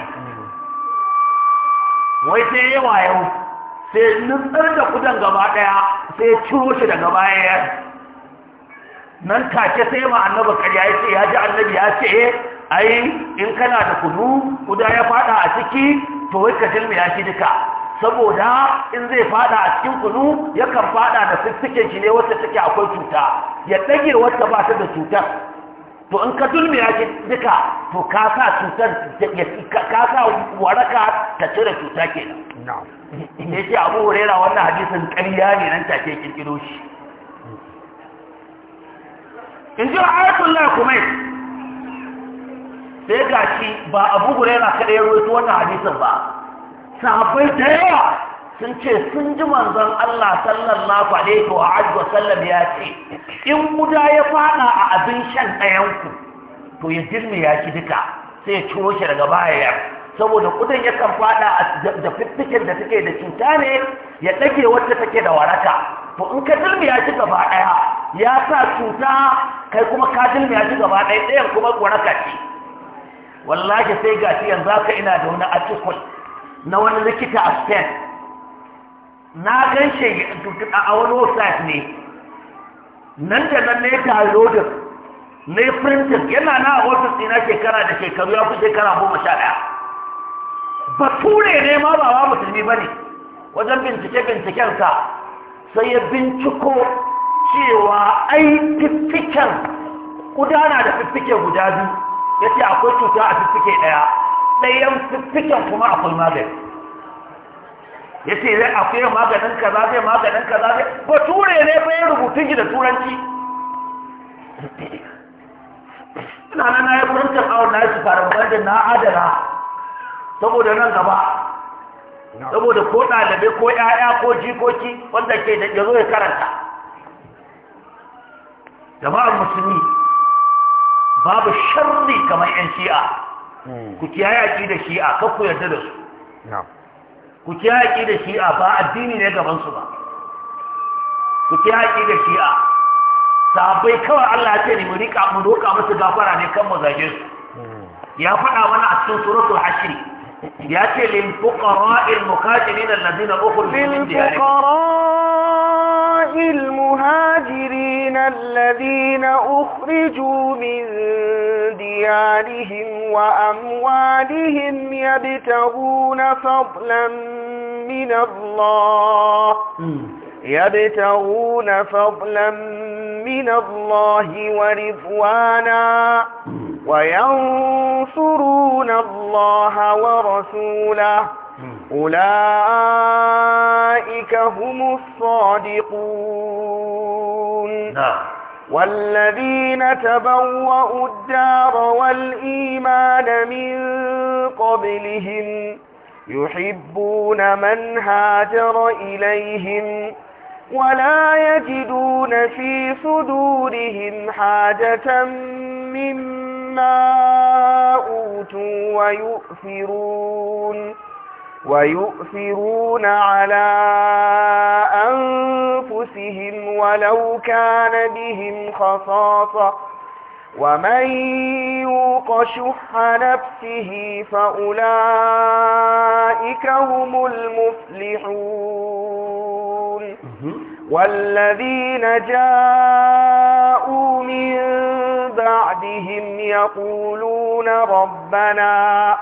wai sai ya wayo sai nutsar da kudan gaba daya sai ciro shi daga baya nan take sai ma annaba karya ya ce ya ji annabi ya ce eh, ai in kana da kunu kuda ya fada a ciki to wai ka jilmi ya shi duka saboda in zai fada a cikin kunu yakan fada da fiffiken shi ne wacce take akwai cuta ya dage wacce ba ta da cutar to in ka dulmi ya ke duka to ka sa cutar ka sa waraka ta cire cuta ke nan ya ce abu rera wannan hadisin ƙarya ne nan ta ke kirkiro shi in ji ayatullah lakumai sai ga shi ba abu rera kaɗai ya wannan hadisin ba sahabbai da yawa sun ce sun ji manzon Allah sallallahu alaihi wa alihi wa sallam ya ce in guda ya fada a abin shan ɗayanku to ya dirme ya ki duka sai ya ciro shi daga baya saboda kudin yakan fada da fiffikin da take da cuta ne ya ɗage wacce take da waraka to in ka ya ki gaba ɗaya ya sa cuta kai kuma ka ya ki gaba ɗaya ɗayan kuma waraka ce wallahi sai gashi yanzu haka ina da wani article na wani likita a spain na gan shi a wani website ne nan da nan ne ta lodin na yi printing yana na a ofis ɗina shekara da shekaru ya fi shekara goma sha ɗaya Ture ne ma ba wa musulmi ba ne wajen bincike-bincikensa sai ya binciko cewa ai fiffiken gudana da fiffike guda biyu ya ce akwai cuta a fiffike ɗaya ɗayan fiffiken kuma akwai magani ya ce zai akwai maganin kaza zai maganin kaza zai ba ture ne bayan rubutun ji da turanci ina nan na yi furantar awon na su fara banda na adana saboda nan gaba saboda ko ɗalibai ko 'ya'ya ko jikoki wanda ke da ya zo ya karanta jama'ar musulmi babu sharri kamar 'yan shi'a Hmm. ku kiyaye aqida shi'a kar ku yarda da su ku kiyaye aqida shi'a ba addini ne gaban su ba ku kiyaye aqida shi'a sabai kawai Allah ya ce ni mu rika mu roka musu gafara ne kan mazaje su hmm. ya faɗa mana a cikin suratul hashr ya ce lil fuqara'il muhajirin alladhina ukhriju min diyarihim الذين أخرجوا من ديارهم وأموالهم يبتغون فضلا من الله يبتغون فضلا من الله ورضوانا وينصرون الله ورسوله أولئك هم الصادقون نعم والذين تبوأوا الدار والإيمان من قبلهم يحبون من هاجر إليهم ولا يجدون في صدورهم حاجة مما أوتوا ويؤثرون ويؤثرون على أنفسهم ولو كان بهم خصاصة ومن يوق شح نفسه فأولئك هم المفلحون والذين جاءوا من بعدهم يقولون ربنا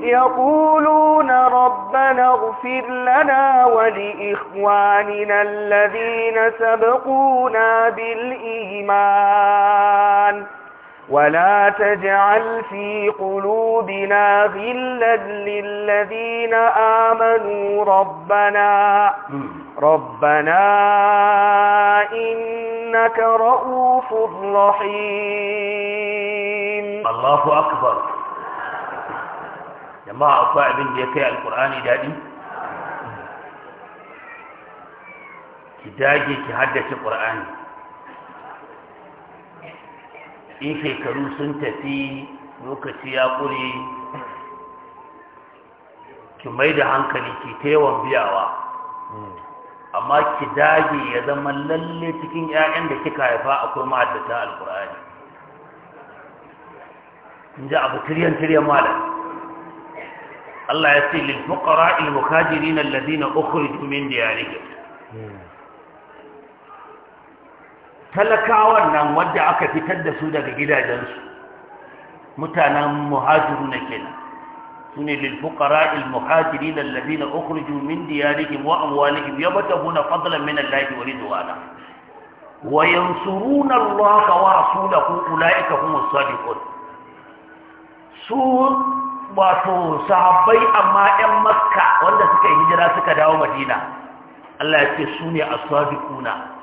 يقولون ربنا اغفر لنا ولإخواننا الذين سبقونا بالإيمان ولا تجعل في قلوبنا غلا للذين آمنوا ربنا ربنا إنك رؤوف رحيم الله أكبر جماعة صعب الجكاء القرآن دادي ki كهدش القرآن in shekaru sun tafi lokaci ya ƙure ki mai da hankali ki ta biyawa amma ki dage ya zama lalle cikin 'ya'yan da kika haifa akwai ma'adata alkur'ani in ji abu tiryan tiryan malam Allah ya ce lil fuqara al muhajirin alladhina ukhriju min diyarihim hmm. talakawan nan wadda aka fitar da su daga gidajensu mutanen muhajiru na kenan su ne lilfukara ilmuhajiri lallabi na okurju min diyarihim wa amwalihim ya bata huna fadlan min allahi wa rizwana wa yansuruna allaha wa rasulahu ulaika humus sadiqun su wato sahabbai amma 'yan makka wanda suka hijira suka dawo madina Allah ya ce su ne as-sadiquna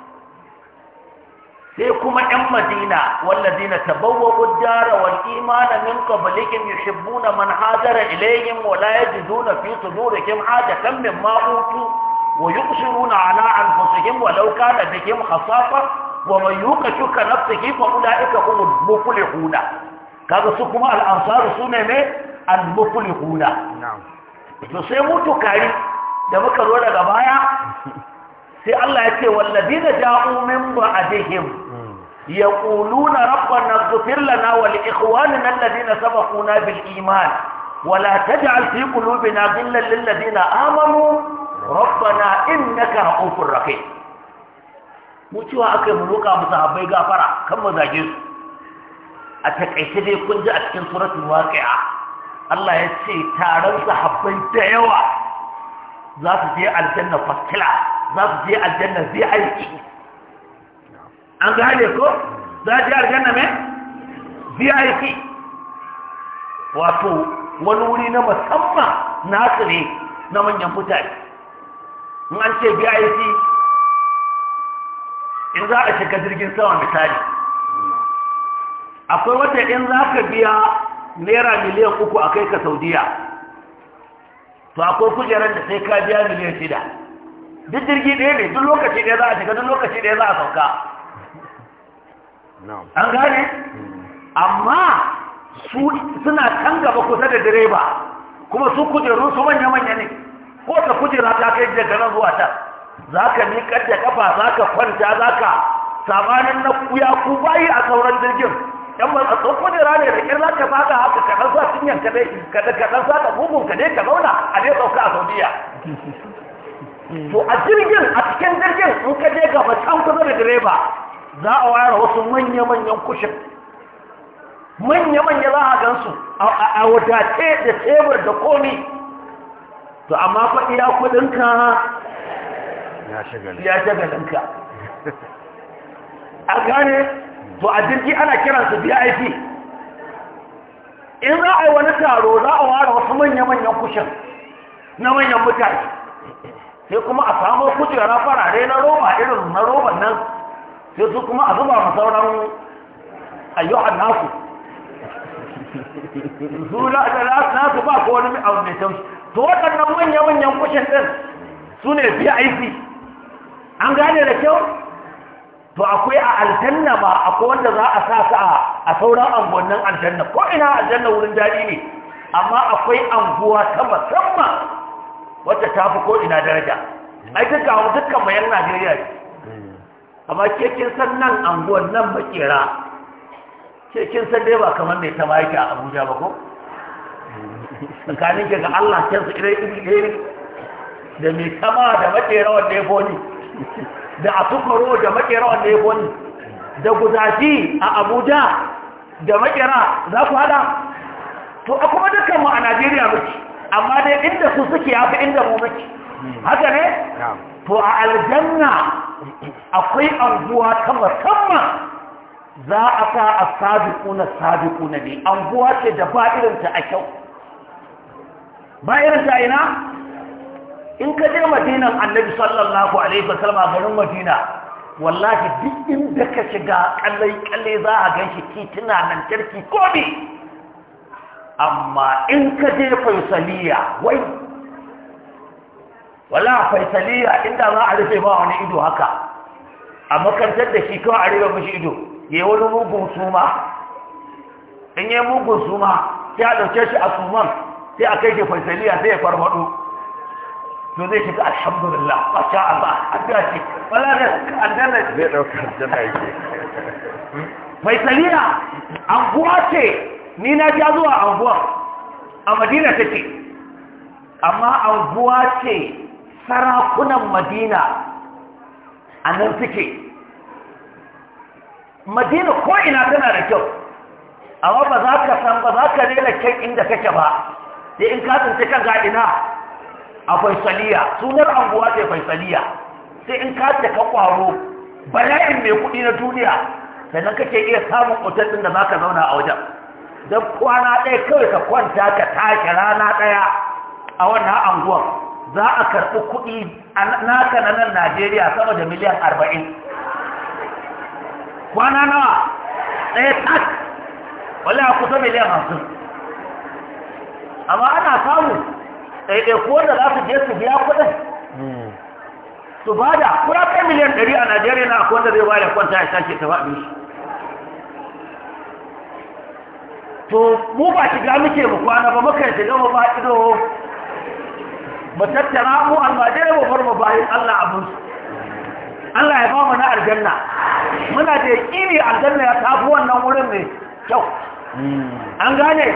sai kuma ‘yan madina wallazina tabawwa'u dara wal imana min qablikum yuhibbuna man hajara ilayhim wa la yajiduna fi sudurikum hajatan mimma utu wa yuqsiruna ala anfusihim wa law kana bihim khasafa wa man yuqa shuka nafsihi fa ulaika humul muflihuna kaga su kuma al ansaru sune ne al muflihuna na'am to sai mutu kari da muka zo daga baya sai Allah ya ce wallazina ja'u min ba'dihim يقولون ربنا اغفر لنا ولإخواننا الذين سبقونا بالإيمان ولا تجعل في قلوبنا غلا للذين آمنوا ربنا إنك رؤوف رحيم mu cewa aka yi roƙa musu habbai gafara kan mazaje su a takaice dai kun ji a cikin suratul waqi'a Allah ya ce taron sahabbai da yawa za su je aljanna fakila za su je aljanna VIP an gane ko za ji aljanna mai vip wato wani wuri na musamman na ne na manyan mutane in an ce vip in za a shiga jirgin sama misali akwai wata in za ka biya naira miliyan uku a kai ka saudiya to akwai kujerar da sai ka biya miliyan shida duk jirgi ɗaya ne duk lokaci ɗaya za a shiga duk lokaci ɗaya za a sauka an gane amma su suna can gaba kusa da direba kuma su kujerun su manya-manya ne ko ta kujera ta kai daga nan zuwa ta, za ka miƙar da kafa za ka kwanta za ka samanin na kuya ku bayi a sauran jirgin yan matsatsu kujera ne da ƙir za ka fada haka dan sa cinyan ka dai dan sa ka bugun ka dai ka zauna a dai sauka a saudiya to a jirgin a cikin jirgin in ka je gaba can kusa da direba za a ware wasu manya-manyan kushin manya-manya za a gansu a wadace da tebur da komi to amma faɗi ya kudinka ya shagalinka a gane to a jirgi ana kiransu vip in za a yi wani taro za a ware wasu manya-manyan kushin na manyan mutane sai kuma a samu kujera farare na roba irin na roban nan sai su kuma a zuba ma sauran ayyuhan nasu su nasu ba ko wani abu mai taushi to waɗannan manya-manyan kushin ɗin su ne fi aiki an gane da kyau to akwai a aljanna ba akwai wanda za a sa su a sauran anguwannin aljanna ko ina aljanna wurin daɗi ne amma akwai anguwa ta musamman wacce ta fi ko ina daraja ai duka dukkan bayan najeriya ne amma ke kin san nan anguwan nan makera ke kin san dai ba kamar mai tama yake a abuja ba ko tsakanin ke ga allah ke su irai ibi ɗaya da mai tama da makera wanda ya foni da a da makera wanda ya foni da guzafi a abuja da makera za ku hada to akwai dukkan mu a najeriya muke amma dai inda su suke yafi inda mu muke haka ne to a aljanna akwai anguwa ta musamman za a sa a sabiku na ne anguwa ce da ba irinta a kyau ba irinta ina in ka je madinan annabi sallallahu alaihi wasallam a garin madina wallahi duk inda ka shiga kallai-kallai za a ganshi tituna nan tarki komi amma in ka je faisaliya wai wala faisaliya inda za a rufe ba wani ido haka a makantar da shi kawai a rufe mashi ido ya yi wani mugun suma in yi mugun suma sai a ɗauke shi a suman sai a kai shi faisaliya sai ya farmaɗo to zai shiga alhamdulillah masha Allah addu'a ce wala da aljanna zai ɗauka aljanna yake faisaliya anguwa ce ni na ja zuwa anguwa a madina take amma anguwa ce sarakunan madina a nan suke madina ko ina tana da kyau amma ba za ka san ba za ka nila kyan inda kake ba sai in ka cikin gaɗina a faisaliya sunar anguwa ce faisaliya sai in ka tsinci kan ƙwaro bala'in mai kuɗi na duniya sannan kake iya samun otal ɗin da za ka zauna a wajen don kwana ɗaya kawai ka kwanta ka tashi rana ɗaya a wannan anguwar za a karɓi kuɗi naka na nan najeriya sama da miliyan arba'in kwana nawa ɗaya tak wale a kusa miliyan hamsin amma ana samu ko da za su je su biya kuɗin hmm. su ba da kuna kai miliyan ɗari a najeriya na akwai wanda zai ba kwanta ya sake ta faɗi to mu ba shiga muke mu kwana ba muka shiga mu ba ido mu tattara mu almajirai mu farma bayan Allah abinsu Allah ya ba mu na aljanna muna da yaƙini aljanna ya tafi wannan wurin mai kyau an gane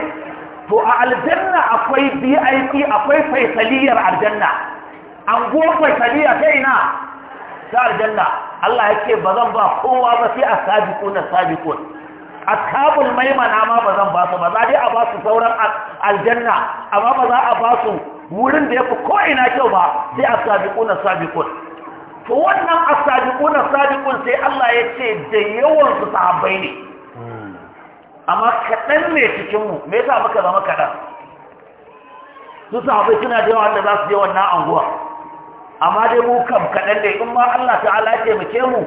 to a aljanna akwai vip akwai faisaliyar aljanna an go faisaliya ta ina ta aljanna Allah ya ce ba zan ba kowa ba sai a sabiko na A ashabul maimana ma ba zan ba su ba za a ba su sauran aljanna amma ba za a ba su wurin da ya fi ko'ina kyau ba sai a sabiƙuna sabiƙun to wannan a sabiƙuna sabiƙun sai Allah ya ce da yawan su sahabbai ne amma kaɗan ne cikinmu me yasa muka zama kaɗan su sahabbai suna da yawa da za su je wannan anguwa amma dai mu kam kaɗan ne in ma Allah ta'ala ya taimake mu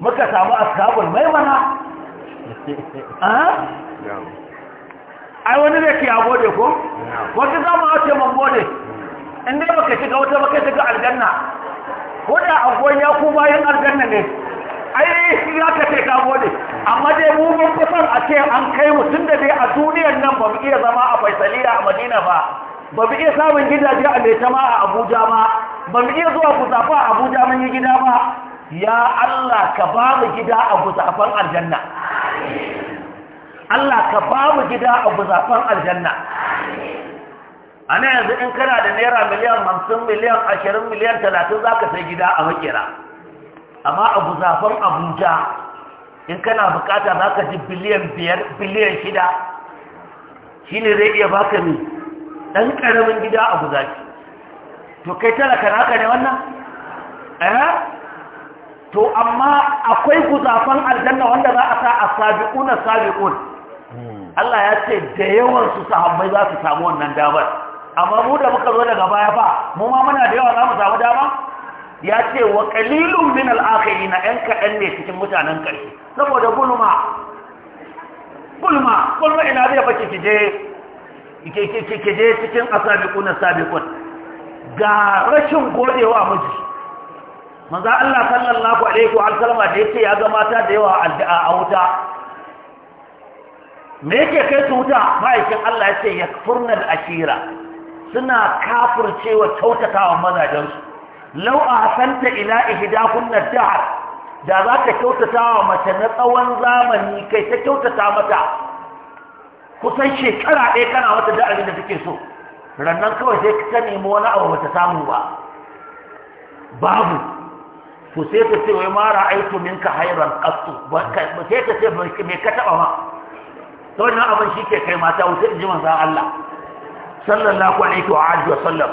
muka samu ashabul maimana ah? ai wani zai ke abode da ko wata mu hace mambo ne in dai baka shiga wata baka shiga aljanna wanda akwai ya ku bayan aljanna ne ai ya ka ce ka gode amma dai mu mun kusan a ce an kai mu tun da dai a duniyar nan ba mu iya zama a faisaliya a madina ba ba mu iya samun gidaje a mai tama a abuja ba ba mu iya zuwa kusafa a abuja mun yi gida ba ya allah ka ba mu gida a kusafan aljanna Allah ka ba mu gida a buzafan aljanna a na yanzu in kana da naira miliyan hamsin miliyan ashirin miliyan talatin za ka sai gida a makera amma a buzafan abuja in kana bukata za ka ji biliyan biyar biliyan shida shi ne zai iya baka ne ɗan ƙaramin gida a buzafi to kai talaka naka ne wannan eh to amma akwai guzafan aljanna wanda za a sa a na sabiqun Allah ya ce da yawan su sahabbai za su samu wannan damar amma mu da muka zo daga baya fa mu ma muna da yawa za mu samu dama ya ce wa qalilun min al-akhirin ka kaɗan ne cikin mutanen saboda gulma gulma gulma ina zai bace ki je ki je cikin asabiqun asabiqun ga rashin godewa miji manzo Allah sallallahu alaihi wa sallama da yace ya ga mata da yawa a wuta me yake kai su wuta ma'aikin Allah ya ce ya furnar ashira suna kafircewa kyautatawa mazajensu lau a hasanta ila ihda kunna jihar. da za ka kyautatawa mace na tsawon zamani kai ta kyautata mata kusan shekara ɗaya kana mata da abin da take so rannan kawai sai ka nemi wani abu bata samu ba babu Ku sai ka ce wai mara aitu minka hairan qastu sai ka ce me ka taba ma ta wannan abin shi ke kai mata wuce in ji manzan Allah sallallahu alaihi wa alihi wa sallam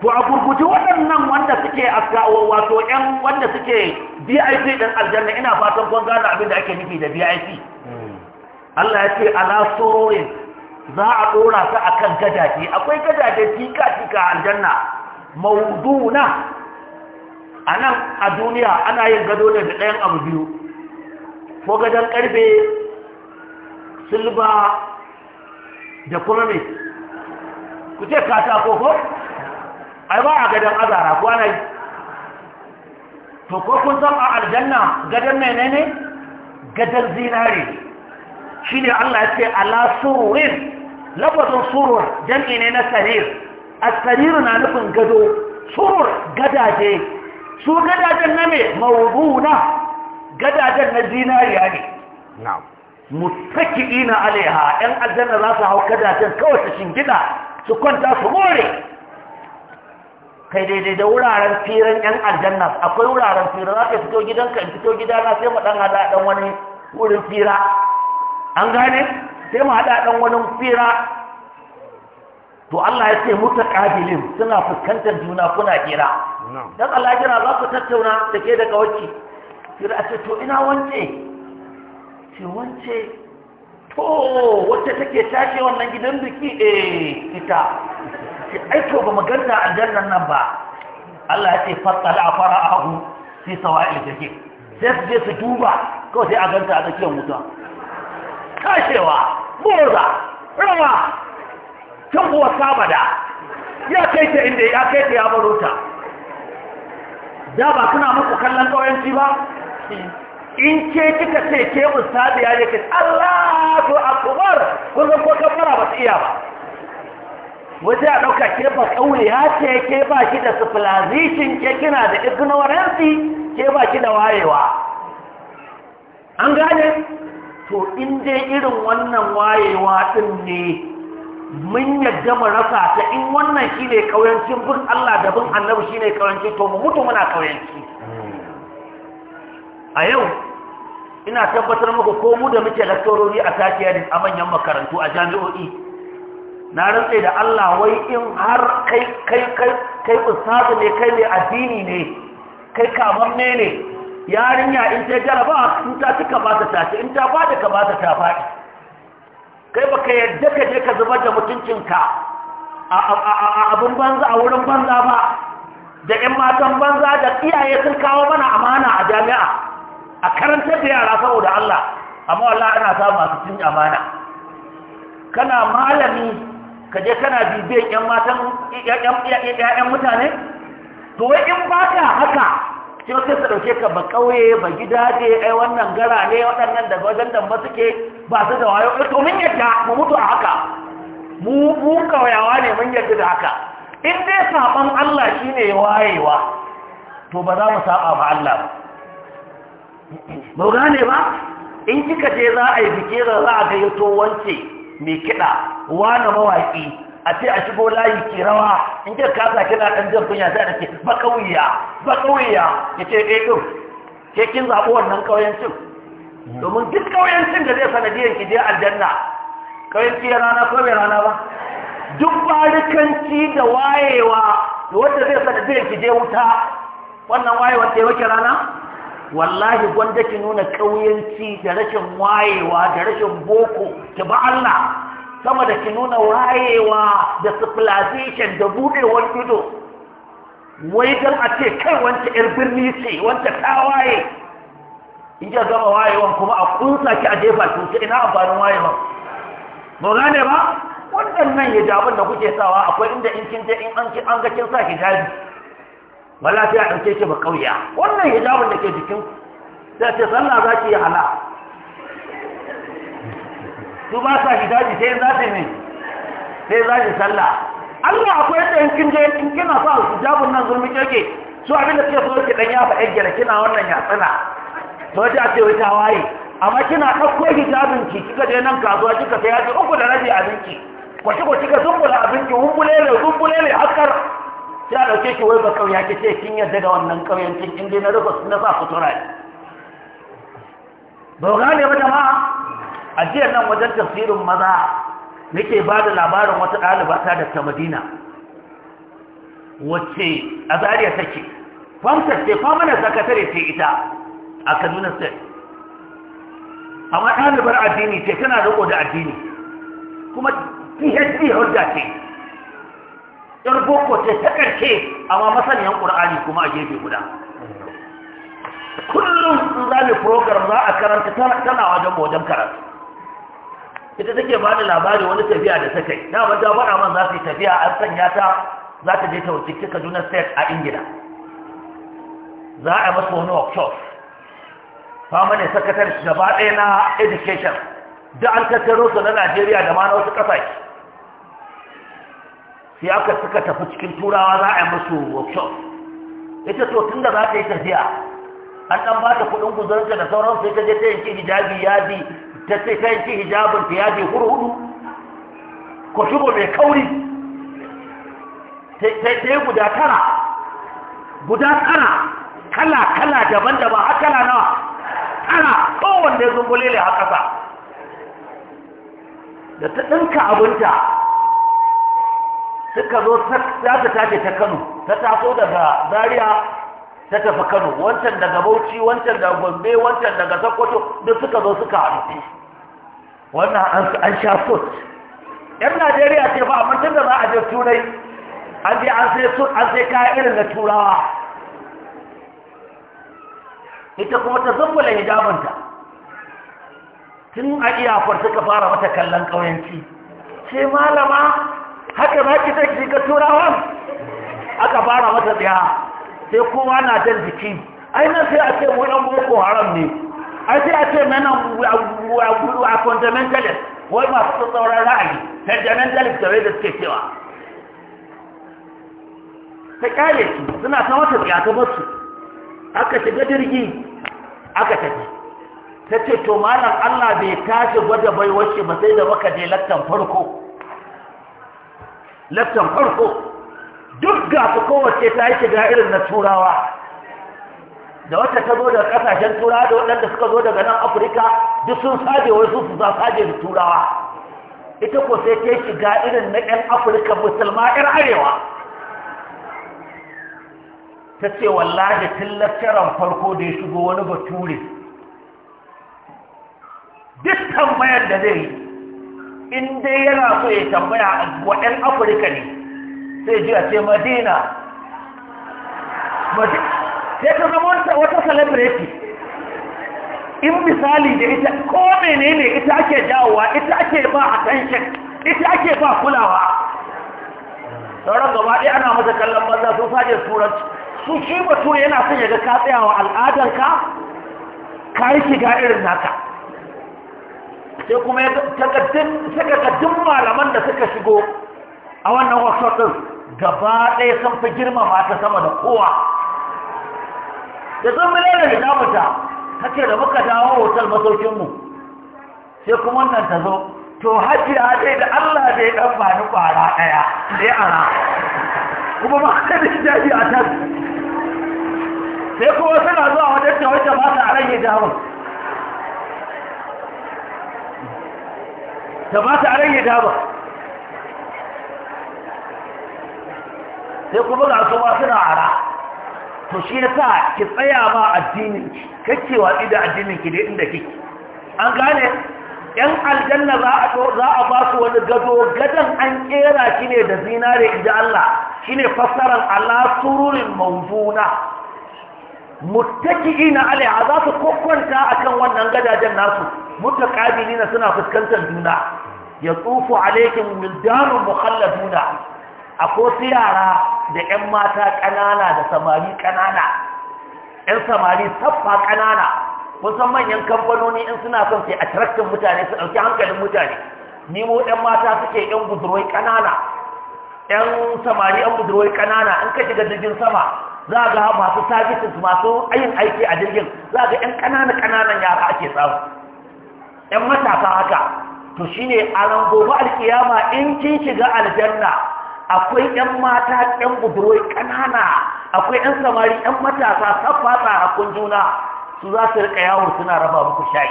to a gurguje waɗannan wanda suke askawa wato ƴan wanda suke BIP ɗin aljanna ina fatan kun gane abin da ake nufi da BIC. Allah ya ce ala sururin za a dora su akan gadaje akwai gadaje tika tika aljanna mawduna anan a duniya ana yin gado da ɗayan abu biyu ko gadon karfe silba da kuma mai ku ce katako ko? ai ba a gadon azara ko ana to ko kun san a aljanna gadon mene ne gadon zinare shi ne Allah ya ce ala sururin lafazin surur jam'i ne na sarir a sariru na nufin gado surur gadaje su gadajen na mai na gadajen na zinariya ne na'am muttaki'ina alaiha ɗan aljanna za su hau kadatan kawai su shingida su kwanta su more kai daidai da wuraren firan yan aljanna akwai wuraren fira za ka fito gidanka in fito gidana sai mu dan hada wani wurin fira an gane sai mu hada ɗan wani fira to Allah ya ce mutaqabilin suna fuskantar juna kuna kira dan Allah ya kira za ku tattauna da ke da kawacci fira ce to ina wance ce wance to wacce take tashe wannan gidan biki eh ita ce aiko ba maganta a jannan nan ba Allah ya ce fatsala a fara'ahu fi sawa'il jahim sai su je su duba kawai sai a ganta a tsakiyar mutuwa. kashewa murza rawa can kuwa sabada ya kai ta inda ya kai ta ya baro ta da ba suna muku kallon ƙauyanci ba in ce kika ce ke ustadi ya ne ke Allahu akbar kun san ko kafara ba ta iya ba wace a ɗauka ke ba ƙaure ya ce ke ba ki da cikin ke kina da ignorance ke ba ki da wayewa an gane to in dai irin wannan wayewa din ne mun yadda mu rasa ta in wannan shine kauyancin bin Allah da bin Annabi shine kauyancin to mu mutu muna kauyanci a yau ina tabbatar muku ko mu da muke laktorori a din a manyan makarantu a jami'o'i na rantse da Allah wai in har kai kai kai kai ustazu ne kai mai addini ne kai kamamme ne yarinya in ta jaraba in ta cika ba ta tafi in ta fada ka ba ta ta faɗi kai baka yadda ka je ka zubar da mutuncinka a abin banza a wurin banza ba da 'yan matan banza da iyaye sun kawo mana amana a jami'a a karantar da yara saboda Allah amma wallahi ana samu masu cin amana kana malami ka je kana bibiyan yan matan ƴaƴan mutane to wai in baka haka sai sai su dauke ka ba kauye ba gidaje ai wannan gara ne waɗannan daga wajen ba suke ba su da wayo eh, to mun yadda mu mutu a haka mu mu kauyawa ne mun yadda da haka in dai saban Allah shine wayewa to ba za mu saba ma Allah ba ba gane ba in kika je za a yi bike da za a gayyato wance mai kiɗa na mawaƙi a ce a shigo layi ke rawa in ka kasa kina ɗan jan kunya sai a ke ba ƙauya ba ƙauya ya ce ɗai eh, ɗin ke kin zaɓi wannan ƙauyancin domin duk ƙauyancin da zai sanadiyar ki je aljanna ƙauyanci ya rana ko bai rana ba duk barikanci da wayewa wadda zai sanadiyar ki je wuta wannan wayewar wake rana wallahi gwanda ki nuna ƙauyenci da rashin wayewa da rashin boko ki ba Allah sama da ki nuna wayewa da civilization da budewar ido wai don a ce kai wanta yar birni ce wanta ta waye in ji zama wayewan kuma a kunsa ki a jefa ki ina amfanin wayewa ba gane ba ya hijabin da kuke sawa akwai inda in kin je in an ga kin sa hijabi wala sai a ɗauke ke ba ƙauya. wannan hijabin da ke jikin da ce sallah za ki yi hala su ba sa hijabi sai za su ne sai za su sallah Allah akwai yadda yin kinje je kina sa hijabin nan zurmi kake su abin da suke so ke dan ya ɗan gyara kina wannan ya tsana to ta ce wai ta waye amma kina ɗauko hijabin ki kika je nan kasuwa kika sai ya ce uku da rabi abinki kwace kwace ka zumbula abinki humbulele zumbulele hakar sai a ɗauke ki wai ba kauya ke ce kin yarda da wannan ƙauyen cin dai na rufe na sa sutura ne ba ne ba jama'a a jiya nan wajen tafsirin maza nake ba da labarin wata ɗaliba ta da ta madina wacce a zariya take famtar ce famanar zakatare ce ita a kaduna state amma ɗalibar addini ce tana riko da addini kuma phd hujja ce yar boko ce ta karshe amma masaniyan ƙur'ani kuma a gefe guda kullum sun za program za a karanta tana wajen wajen karatu ita take ba da labari wani tafiya da ta kai na ban ta faɗa man za su yi tafiya an sanya ta za ta je ta wuce kaduna state a ingila za a yi masa wani workshop fama ne sakatar gaba ɗaya na education da an tattaro su na najeriya da ma na wasu ƙasashe sai aka suka tafi cikin turawa za a yi musu workshop ita to tun da za ta yi tafiya an ɗan ba ta kuɗin guzurinta da sauran sai ta je ta yanki hijabi bi ta sai ta yanki hijabin ta yadi hurhudu ko shigo mai kauri ta yi guda tara guda tara kala kala daban-daban har kala nawa tara kowanne zungulele a ƙasa da ta ɗinka abinta suka zo za ta tafi ta kano ta taso daga zaria ta tafi kano wancan daga bauchi wancan daga gombe wancan daga sokoto duk suka zo suka haɗu wannan an sha sot yan najeriya ce ba amma tun da za a je turai an je an sai sot an sai kaya irin na turawa ita kuma ta zubbula hijabinta tun a iyakar suka fara mata kallon ƙauyanci ce malama haka za ki sai ki ga turawan aka fara mata biya sai kowa na jan jiki ai nan sai a ce mu dan boko haram ne ai sai a ce mana a fundamentalist wai masu tsatsauran ra'ayi fundamentalist da da suke cewa ta kyale su suna ta mata biya ta basu aka shiga jirgi aka tafi ta ce to malam Allah bai tashi gwada bai wacce ba sai da maka je laktan farko laftan farko duk gafi kowace ta yi shiga irin na turawa da wata ta zo daga kasashen turawa da waɗanda suka zo daga nan afirka duk sun saje wai su su za da turawa ita ko sai ta shiga irin na 'yan afirka musulma 'yan arewa ta ce wallahi tun lakcaran farko da ya shigo wani bature duk tambayar da zai yi in dai yana so ya tambaya wa ɗan afirka ne sai ji a ce madina sai ta zama wata celebrity in misali da ita ko menene ita ake jawowa ita ake ba a tanshin ita ake ba kulawa sauran gaba ɗaya ana mata kallon banza sun faje turanci su shi bature yana son ya ga ka al'adanka ka yi shiga irin naka sai kuma ya takaddun malaman da suka shigo a wannan wasu ɗin gaba ɗaya sun fi girmama ta sama da kowa da sun mule da ta kake da muka dawo hotel masaukinmu sai kuma wannan ta zo to hajiya dai da allah dai ɗan ba ni ƙwara ɗaya ya ara kuma ba ka da jari a can sai kuma suna zuwa wajen ta wacce ba ta a rage hijabun Da ba ta aran ya dama sai kuma ga su ba suna ara to shi ya sa ki tsaya ma addinin kake watsi da addinin ki inda kike an gane yan aljanna za a za a ba su wani gado gadon an kera shi ne da zinare idan Allah shine fassarar Allah sururin mawzuna muttaki'ina alaiha za su kokkwanta akan wannan gadajen nasu mutaqabilina suna fuskantar juna ya tsufu alaikum wildanun mukhalladuna akwai yara da ƴan mata ƙanana da samari ƙanana ƴan samari saffa ƙanana kusan manyan kamfanoni in suna son sai attractin mutane su ɗauki hankalin mutane nemo ƴan mata suke ƴan budurwai ƙanana ƴan samari ƴan budurwai ƙanana in ka shiga jirgin sama za ga masu sabisis masu ayin aiki a jirgin za ga 'yan ƙananan ƙananan yara ake samu 'yan matasa haka to shine a ran gobe alkiyama in kin shiga aljanna akwai 'yan mata 'yan budurwai ƙanana akwai 'yan samari 'yan matasa saffa a juna su za su rika yawon suna raba muku shayi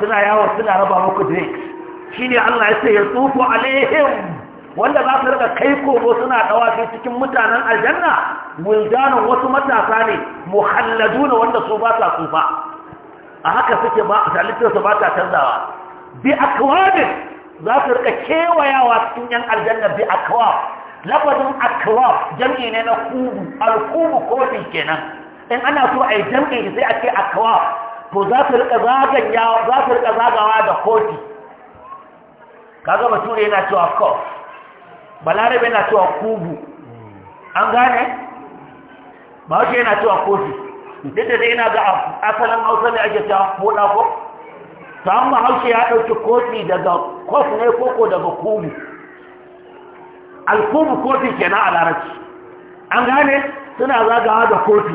suna yawon suna raba muku drinks shine Allah ya ce ya tsufa alaihim wanda za su rika kai koko suna sai cikin mutanen aljanna wildanan wasu matasa ne muhalladuna wanda su ba sa a haka suke ba su ba ta canzawa bi akwabin za su rika kewayawa cikin yan aljanna bi akwab lafazin akwab jam'i ne na kubu alkubu kofi kenan in ana so a yi jam'i sai a ce akwab to za su rika zagawa da kofi kaga bature yana cewa kofi balarabe na cewa kubu an gane ba wace yana cewa kofi duk da dai na ga asalin hausa ne ake ta boda ko ta amma hausa ya ɗauki kofi daga kof ne koko daga kubu alkubu kofi kenan a larabci an gane suna zagawa da kofi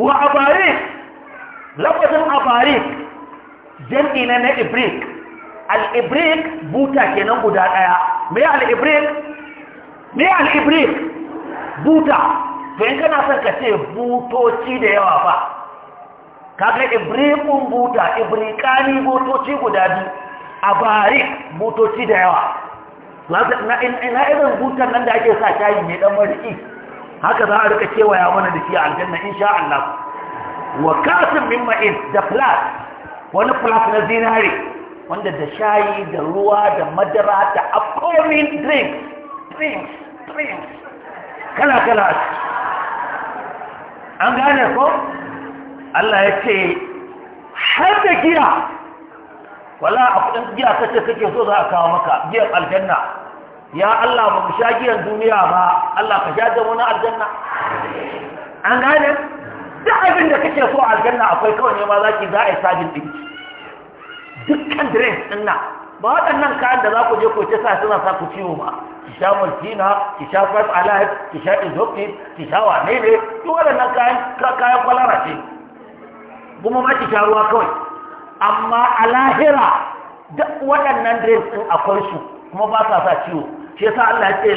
wa abari lafazin abari jam'i na na ibrik al-ibrik buta kenan guda ɗaya me al-ibrik me buta to in kana son ka ce butoci da yawa fa kaga ibrikun buta ibrikani butoci guda biyu a bari butoci da yawa na irin butan nan da ake sa shayi mai dan mariki haka za a rika ya mana da shi a aljanna insha Allah wa kasin min ma'in da plat wani plat na zinare wanda da shayi da ruwa da madara da upcoming drinks drinks drinks kala-kala an gane ko Allah ya ce har da giya wala a kudin giya kace kake so za a kawo maka giyan aljanna ya Allah ba mu sha giyan duniya ba Allah ka sha da na aljanna an gane duk abin da kake so aljanna akwai kawai ne ma zaki za a yi sabin dinki dukkan dress din nan ba waɗannan kayan da za ku je ku ce sa suna sa ku ciwo ba ki sha martina ki sha five alive ki sha ki sha wane ne duk waɗannan kayan kayan kwalara ce kuma ma ki sha ruwa kawai amma a lahira waɗannan dress din akwai su kuma ba sa sa ciwo shi yasa Allah ya ce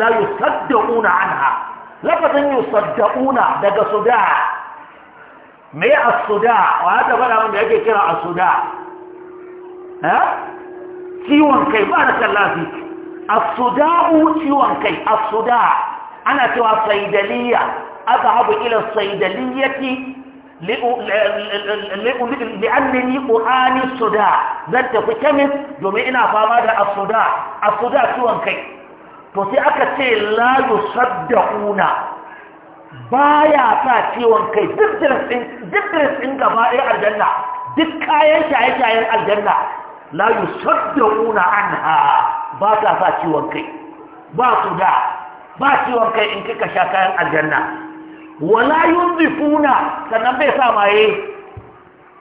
la yusaddauna anha lafazin yusaddauna daga suda me a suda wa hada fara mun da yake kira as-suda ciwon kai ba da kallafi asuda'u ciwon kai asuda ana cewa saidaliya aka habu ila saidaliyati li'annini ƙu'ani suda zan tafi kemis domin ina fama da asuda asuda ciwon kai to sai aka ce layu sadda'una ba ya sa ciwon kai duk da ɗin gaba ɗaya aljanna duk kayan shaye-shayen aljanna la yusaddauna anha ba ta sa ciwon kai ba su da ba ciwon kai in kika sha kayan aljanna wala yunzifuna sannan bai sa maye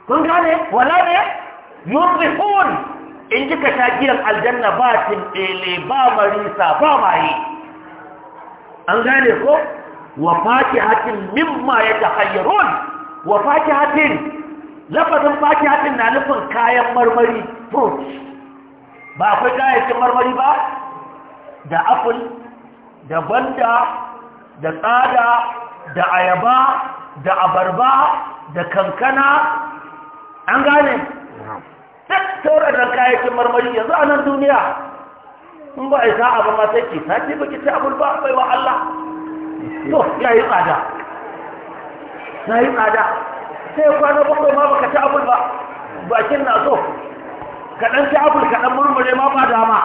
kun gane wala ne yunzifun in kika sha giyan aljanna ba timbele ba marisa ba maye an gane ko wa fakihatin mimma yatahayyarun wa fakihatin lafazin fakihatin na nufin kayan marmari fruit ba akwai kayayyakin marmari ba da apple da gwanda da tsada da ayaba da abarba da kankana an gane duk sauraron kayayyakin marmari yanzu a nan duniya in ba a yi sa'a ba ma sai ke ba baki ta abu ba bai wa Allah to ya yi tsada ya yi tsada sai kwana bakwai ma baka ta abu ba bakin na so kaɗan ta apple kaɗan murmure ma ba dama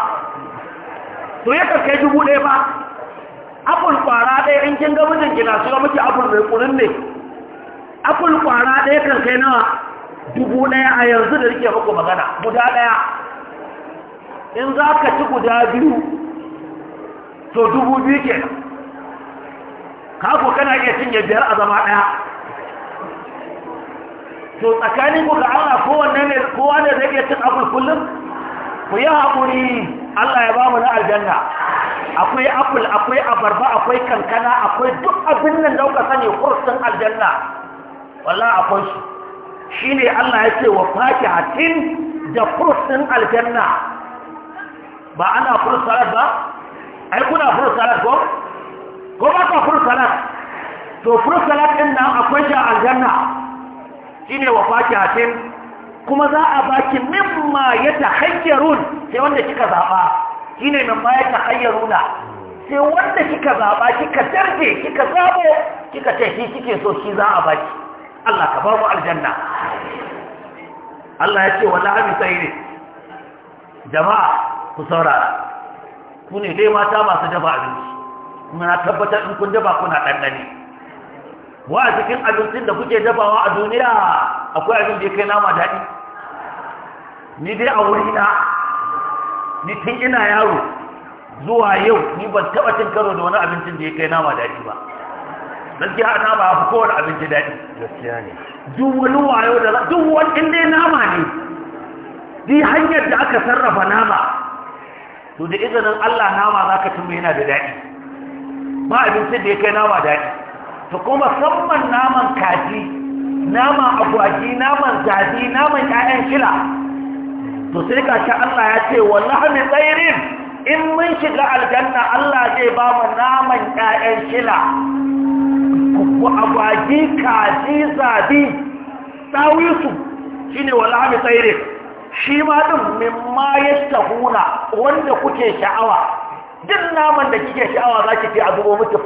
to ya karkai dubu ɗaya ba apple kwara ɗaya in kin ga mijin kina su muke miki apple mai kunin ne apple kwara ɗaya kan kai nawa dubu ɗaya a yanzu da rike muku magana guda ɗaya in za ka ci guda biyu to dubu biyu ke? ka ko kana iya cinye biyar a zama ɗaya to tsakanin ku ga Allah kowanne ne kowa ne zai iya cin apple kullum ku yi haƙuri Allah ya mu na aljanna akwai apul, akwai abarba akwai kankana akwai duk abin nan da sani kursin aljanna wallahi akwai shi shine Allah ya ce wa fakihatin da kursin aljanna ba ana furus salat ba ai kuna furus salat ko ko ba ka furus salat to furus salat din nan akwai ja aljanna shine wa fakihatin kuma za a baki mimma ya tahayyarun sai wanda kika zaba shine mimma ya tahayyaruna sai wanda kika zaba kika tarbe kika zabo kika ce shi kike so shi za a baki Allah ka ba mu aljanna Allah ya ce wala abi sayri jama'a ku saurara ku ne dai mata masu dafa abinci kuma na tabbatar in kun dafa kuna ɗanɗani wa a cikin abincin da kuke dafawa a duniya akwai abin da ya kai nama daɗi ni dai a wuri na ni tun ina yaro zuwa yau ni ban taɓa cin karo da wani abincin da ya kai nama daɗi ba gaskiya nama ya fi kowane abinci daɗi gaskiya ne duk wani wayo da duk wani in dai nama ne di hanyar da aka sarrafa nama to da izinin Allah nama za ka cin yana da daɗi ba abincin da ya kai nama daɗi ta kuma samman naman kaji naman agwaji naman zaji naman ƴaƴan shila to sai kashi Allah ya ce wallahi mai tsairin in mun shiga aljanna Allah zai ba mu naman ƴaƴan shila ku agwaji kaji zabi tsawisu shine wallahi mai tsairin shi ma din mimma yastahuna wanda kuke sha'awa duk naman da kike sha'awa zaki fi a zubo miki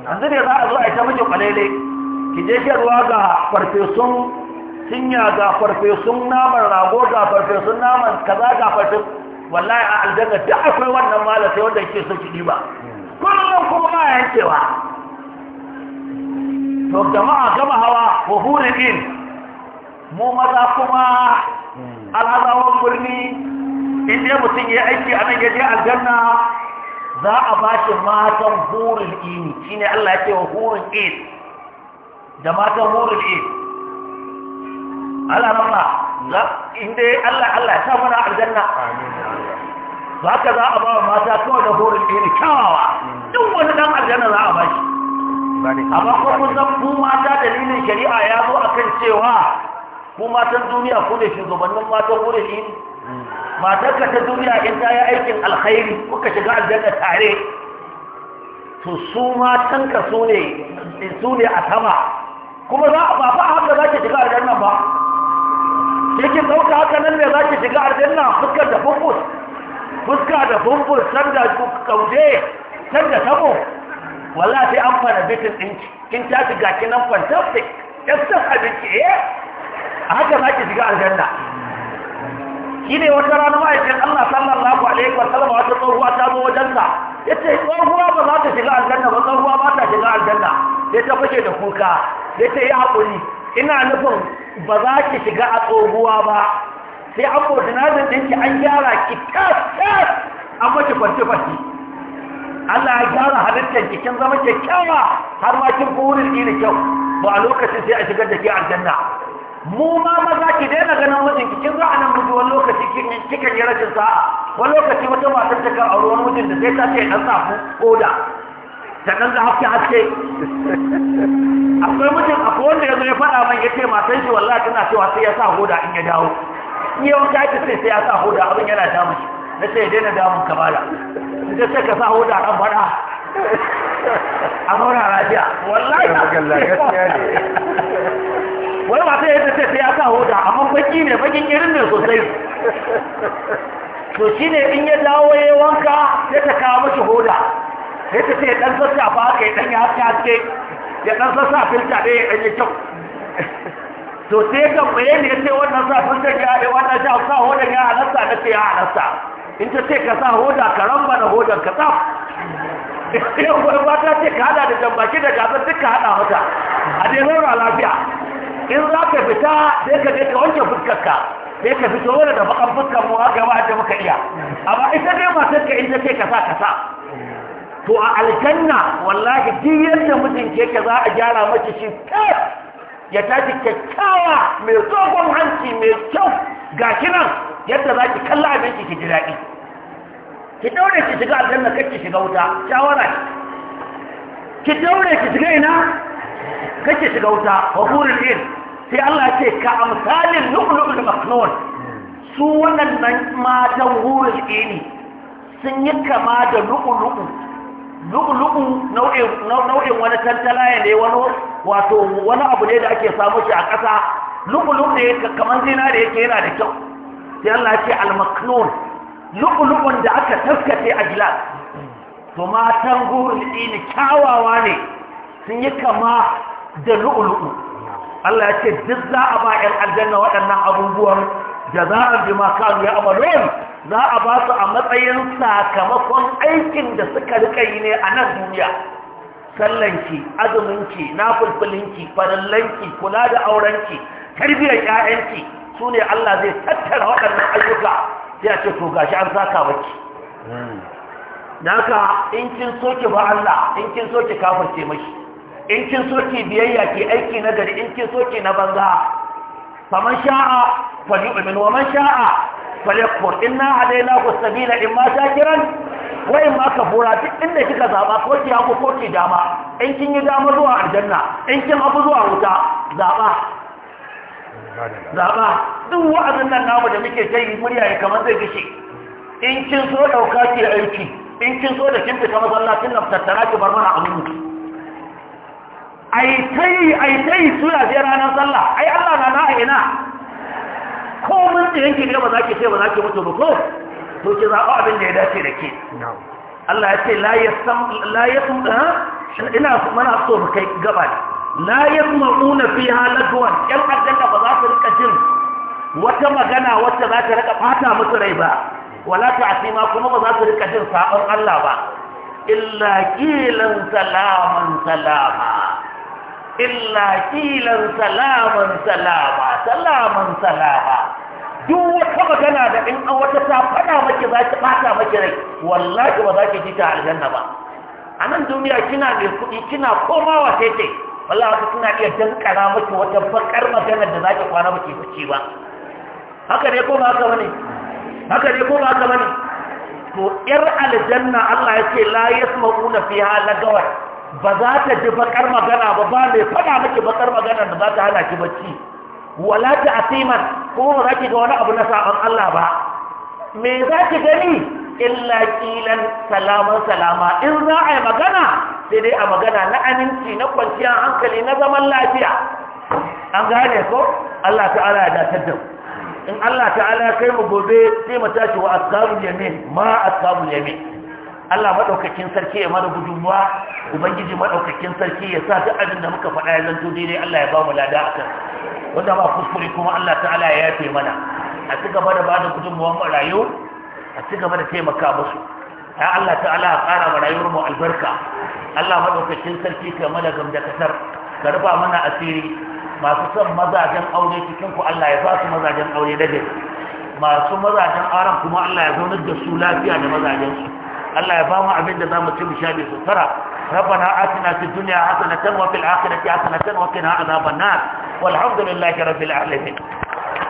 yanzu ne za a zo a ita miki kwalele ki je ruwa ga farfesun cinya ga farfesun naman rago ga farfesun naman kaza ga farfesun wallahi a aljanna da akwai wannan mala sai wanda yake so ki ba kullum kuma ba yankewa to jama'a gama hawa wa hurin in mu maza kuma alhazawan birni inda mutum ya aiki a nan ya je aljanna za a ba shi matan hurin ini ne Allah ya ce wa hurin aid da matan hurin aid Allah rafa za inda Allah Allah ya sa mana aljanna za ka za a ba mata kawai da hurin aid kyawawa duk wani dan aljanna za a ba shi amma ko kun san ku mata dalilin shari'a ya zo a kan cewa ku matan duniya ku ne shugabannin matan hurin aid matarka ta duniya in ta yi aikin alkhairi kuka shiga aljanna tare to su matanka su ne su ne a sama kuma za a bafa haka za ki shiga aljanna ba ki ɗauka haka nan ne za ki shiga aljanna fuskar da fungus fuska da fungus san da kaude san da tabo walla sai an fara bitin ɗinki kin ta shiga kinan fantastic yastan abinci eh haka za ki shiga aljanna shi ne wata rana ma'aikin Allah sallallahu alaihi wa sallam wata tsohuwa ta zo wajensa ya ce tsohuwa ba za ta shiga aljanna ba tsohuwa ba ta shiga aljanna ya ta fashe da kuka ya ce ya haƙuri ina nufin ba za ki shiga a tsohuwa ba sai an koordinatin ɗinki an gyara ki tas tas an mace kwanci fashi Allah ya gyara halittar ki kin zama kyakkyawa har ma kin ko wurin kyau ba a lokacin sai a shigar da ke aljanna mu ma maza ki daina ganin mijin ki kin zo miji wani lokaci kin kikan yi rashin sa'a wani lokaci wata matar ta kan auri mijin da sai ta ce dan samu koda da dan haske haske akwai mijin akwai wanda ya zo ya faɗa man ya ce matan shi wallahi tana cewa sai ya sa hoda in ya dawo in ya ta ki sai ya sa hoda abin yana damun shi na ce ya daina damun ka bada ta ce ka sa hoda kan faɗa a zauna lafiya wallahi wai ba sai yadda ce sai ya sa hoda amma baki ne bakin irin ne sosai to shi ne in ya dawo ya wanka ya ta kawo mashi hoda ya ta ce dan sassa ba haka ya dan ya haske haske ya dan sassa filta ɗaya ya dan yi kyau to sai ga bayani ya ce wannan sa filta ya haɗe wannan sha sa hoda ya halasta na ce ya halasta in ta ce ka sa hoda ka ramba da hodan ka tsaf yau ba ta ce ka hada da jambaki da gasar duka hada mata a dai zaura lafiya in za ka fita sai ka je ka wanke fuskarka sai ka fito wani da bakan fuskar mu haka ba da muka iya amma ita dai matar ka in ta ce ka sa ka sa to a aljanna wallahi duk yadda mutum ke ka za a gyara maki shi ya tashi kyakkyawa mai dogon hanci mai kyau ga kinan yadda za ki kalla abinci ki ji daɗi ki daure ki shiga aljanna kar ki shiga wuta shawara ki daure ki shiga ina kake shiga wuta wa hurin din sai Allah ce ka amsalin da maknun su wannan matan hurin ini sun yi kama da lu'lu'u lu'lu'u nau'in nau'in wani tantala ne wani wato wani abu ne da ake samu shi a ƙasa lu'lu'u ne kamar zina da yake yana da kyau sai Allah ce al-maknun lu'lu'un da aka taskace a gilas to matan hurin ini kyawawa ne sun yi kama da lu'ulu'u Allah ya ce duk za a ba 'yan aljanna waɗannan abubuwan da za a bi makaru ya amalon za a ba su a matsayin sakamakon aikin da suka rika yi ne a nan duniya sallanki azuminki nafulfulinki farallanki kula da aurenki tarbiyyar 'ya'yanki sune Allah zai tattara waɗannan ayyuka sai a ce to gashi an saka maki hmm. naka in kin soke ba Allah in kin soke kafirce mashi in kin so ki biyayya ki aiki na gari in kin so ki na banza faman sha'a falyu'min wa man sha'a falyakfur inna hadaina ku sabila in ma shakiran wa in ma kafura duk inda kika zaba ko ki hako ko ki dama in kin yi dama zuwa aljanna in kin hagu zuwa wuta zaba zaba duk wa'azin nan namu da muke kai murya ya kamar zai gishi in kin so dauka ki aiki in kin so da kin fita masallacin nan tattara ki bar mana abin aitai aitai suna sai ranar sallah ai Allah na na ina ko mun tsayen yanke ne ba za ki ce ba za ki mutu ba ko to ki zaɓa abin da ya dace da ke Allah ya ce la yasam ina mana so mu kai gaba la yasma'una fiha lagwan yan aljanna ba za su rika jin wata magana wacce za ta rika fata musu rai ba wala ta'sima kuma ba za su rika jin sabon Allah ba illa qilan salaman salama illa kilan salaman salama salaman salama duk wata magana da in an wata ta fada maki za ta ɓata maki rai wallahi ba za ki ji ta aljanna ba a nan duniya kina mai kuɗi kina komawa sai sai wallahi haka kina iya dankara maki wata bakar magana da za ki kwana maki ki fice ba haka ne ko ba haka bane haka ne ko ba haka bane to yar aljanna Allah ya ce la yasma'una fiha lagawar ba za ta ji bakar magana ba ba mai faɗa miki bakar magana da za ta hana ki bacci wala ta asiman kuma ba za ki ga wani abu na saban Allah ba me za ki gani illa kilan salaman salama in za a magana sai dai a magana na aminci na kwanciyar hankali na zaman lafiya an gane ko Allah ta'ala ya datar da in Allah ta'ala ya kai mu gobe sai mu tashi wa ashabul yamin ma ashabul yamin Allah maɗaukakin sarki ya mara gudunmuwa ubangiji maɗaukakin sarki ya sa duk abin da muka faɗa ya zanto daidai Allah ya ba mu lada akan wanda ba kuskure kuma Allah ya yafe mana a ci gaba da bada gudunmuwan marayu a ci gaba da taimaka musu ya Allah ta'ala a ƙara wa rayuwar mu albarka Allah maɗaukakin sarki ka mana gamdakatar ka rufa mana asiri masu son mazajen aure cikin ku Allah ya ba su mazajen aure da masu mazajen auren kuma Allah ya zaunar da su lafiya da mazajen su Allah ya bamu abin da zamu ci mu sha bi sutura rabbana atina fid dunya hasanatan wa fil akhirati hasanatan wa qina adhaban nar walhamdulillahi rabbil alamin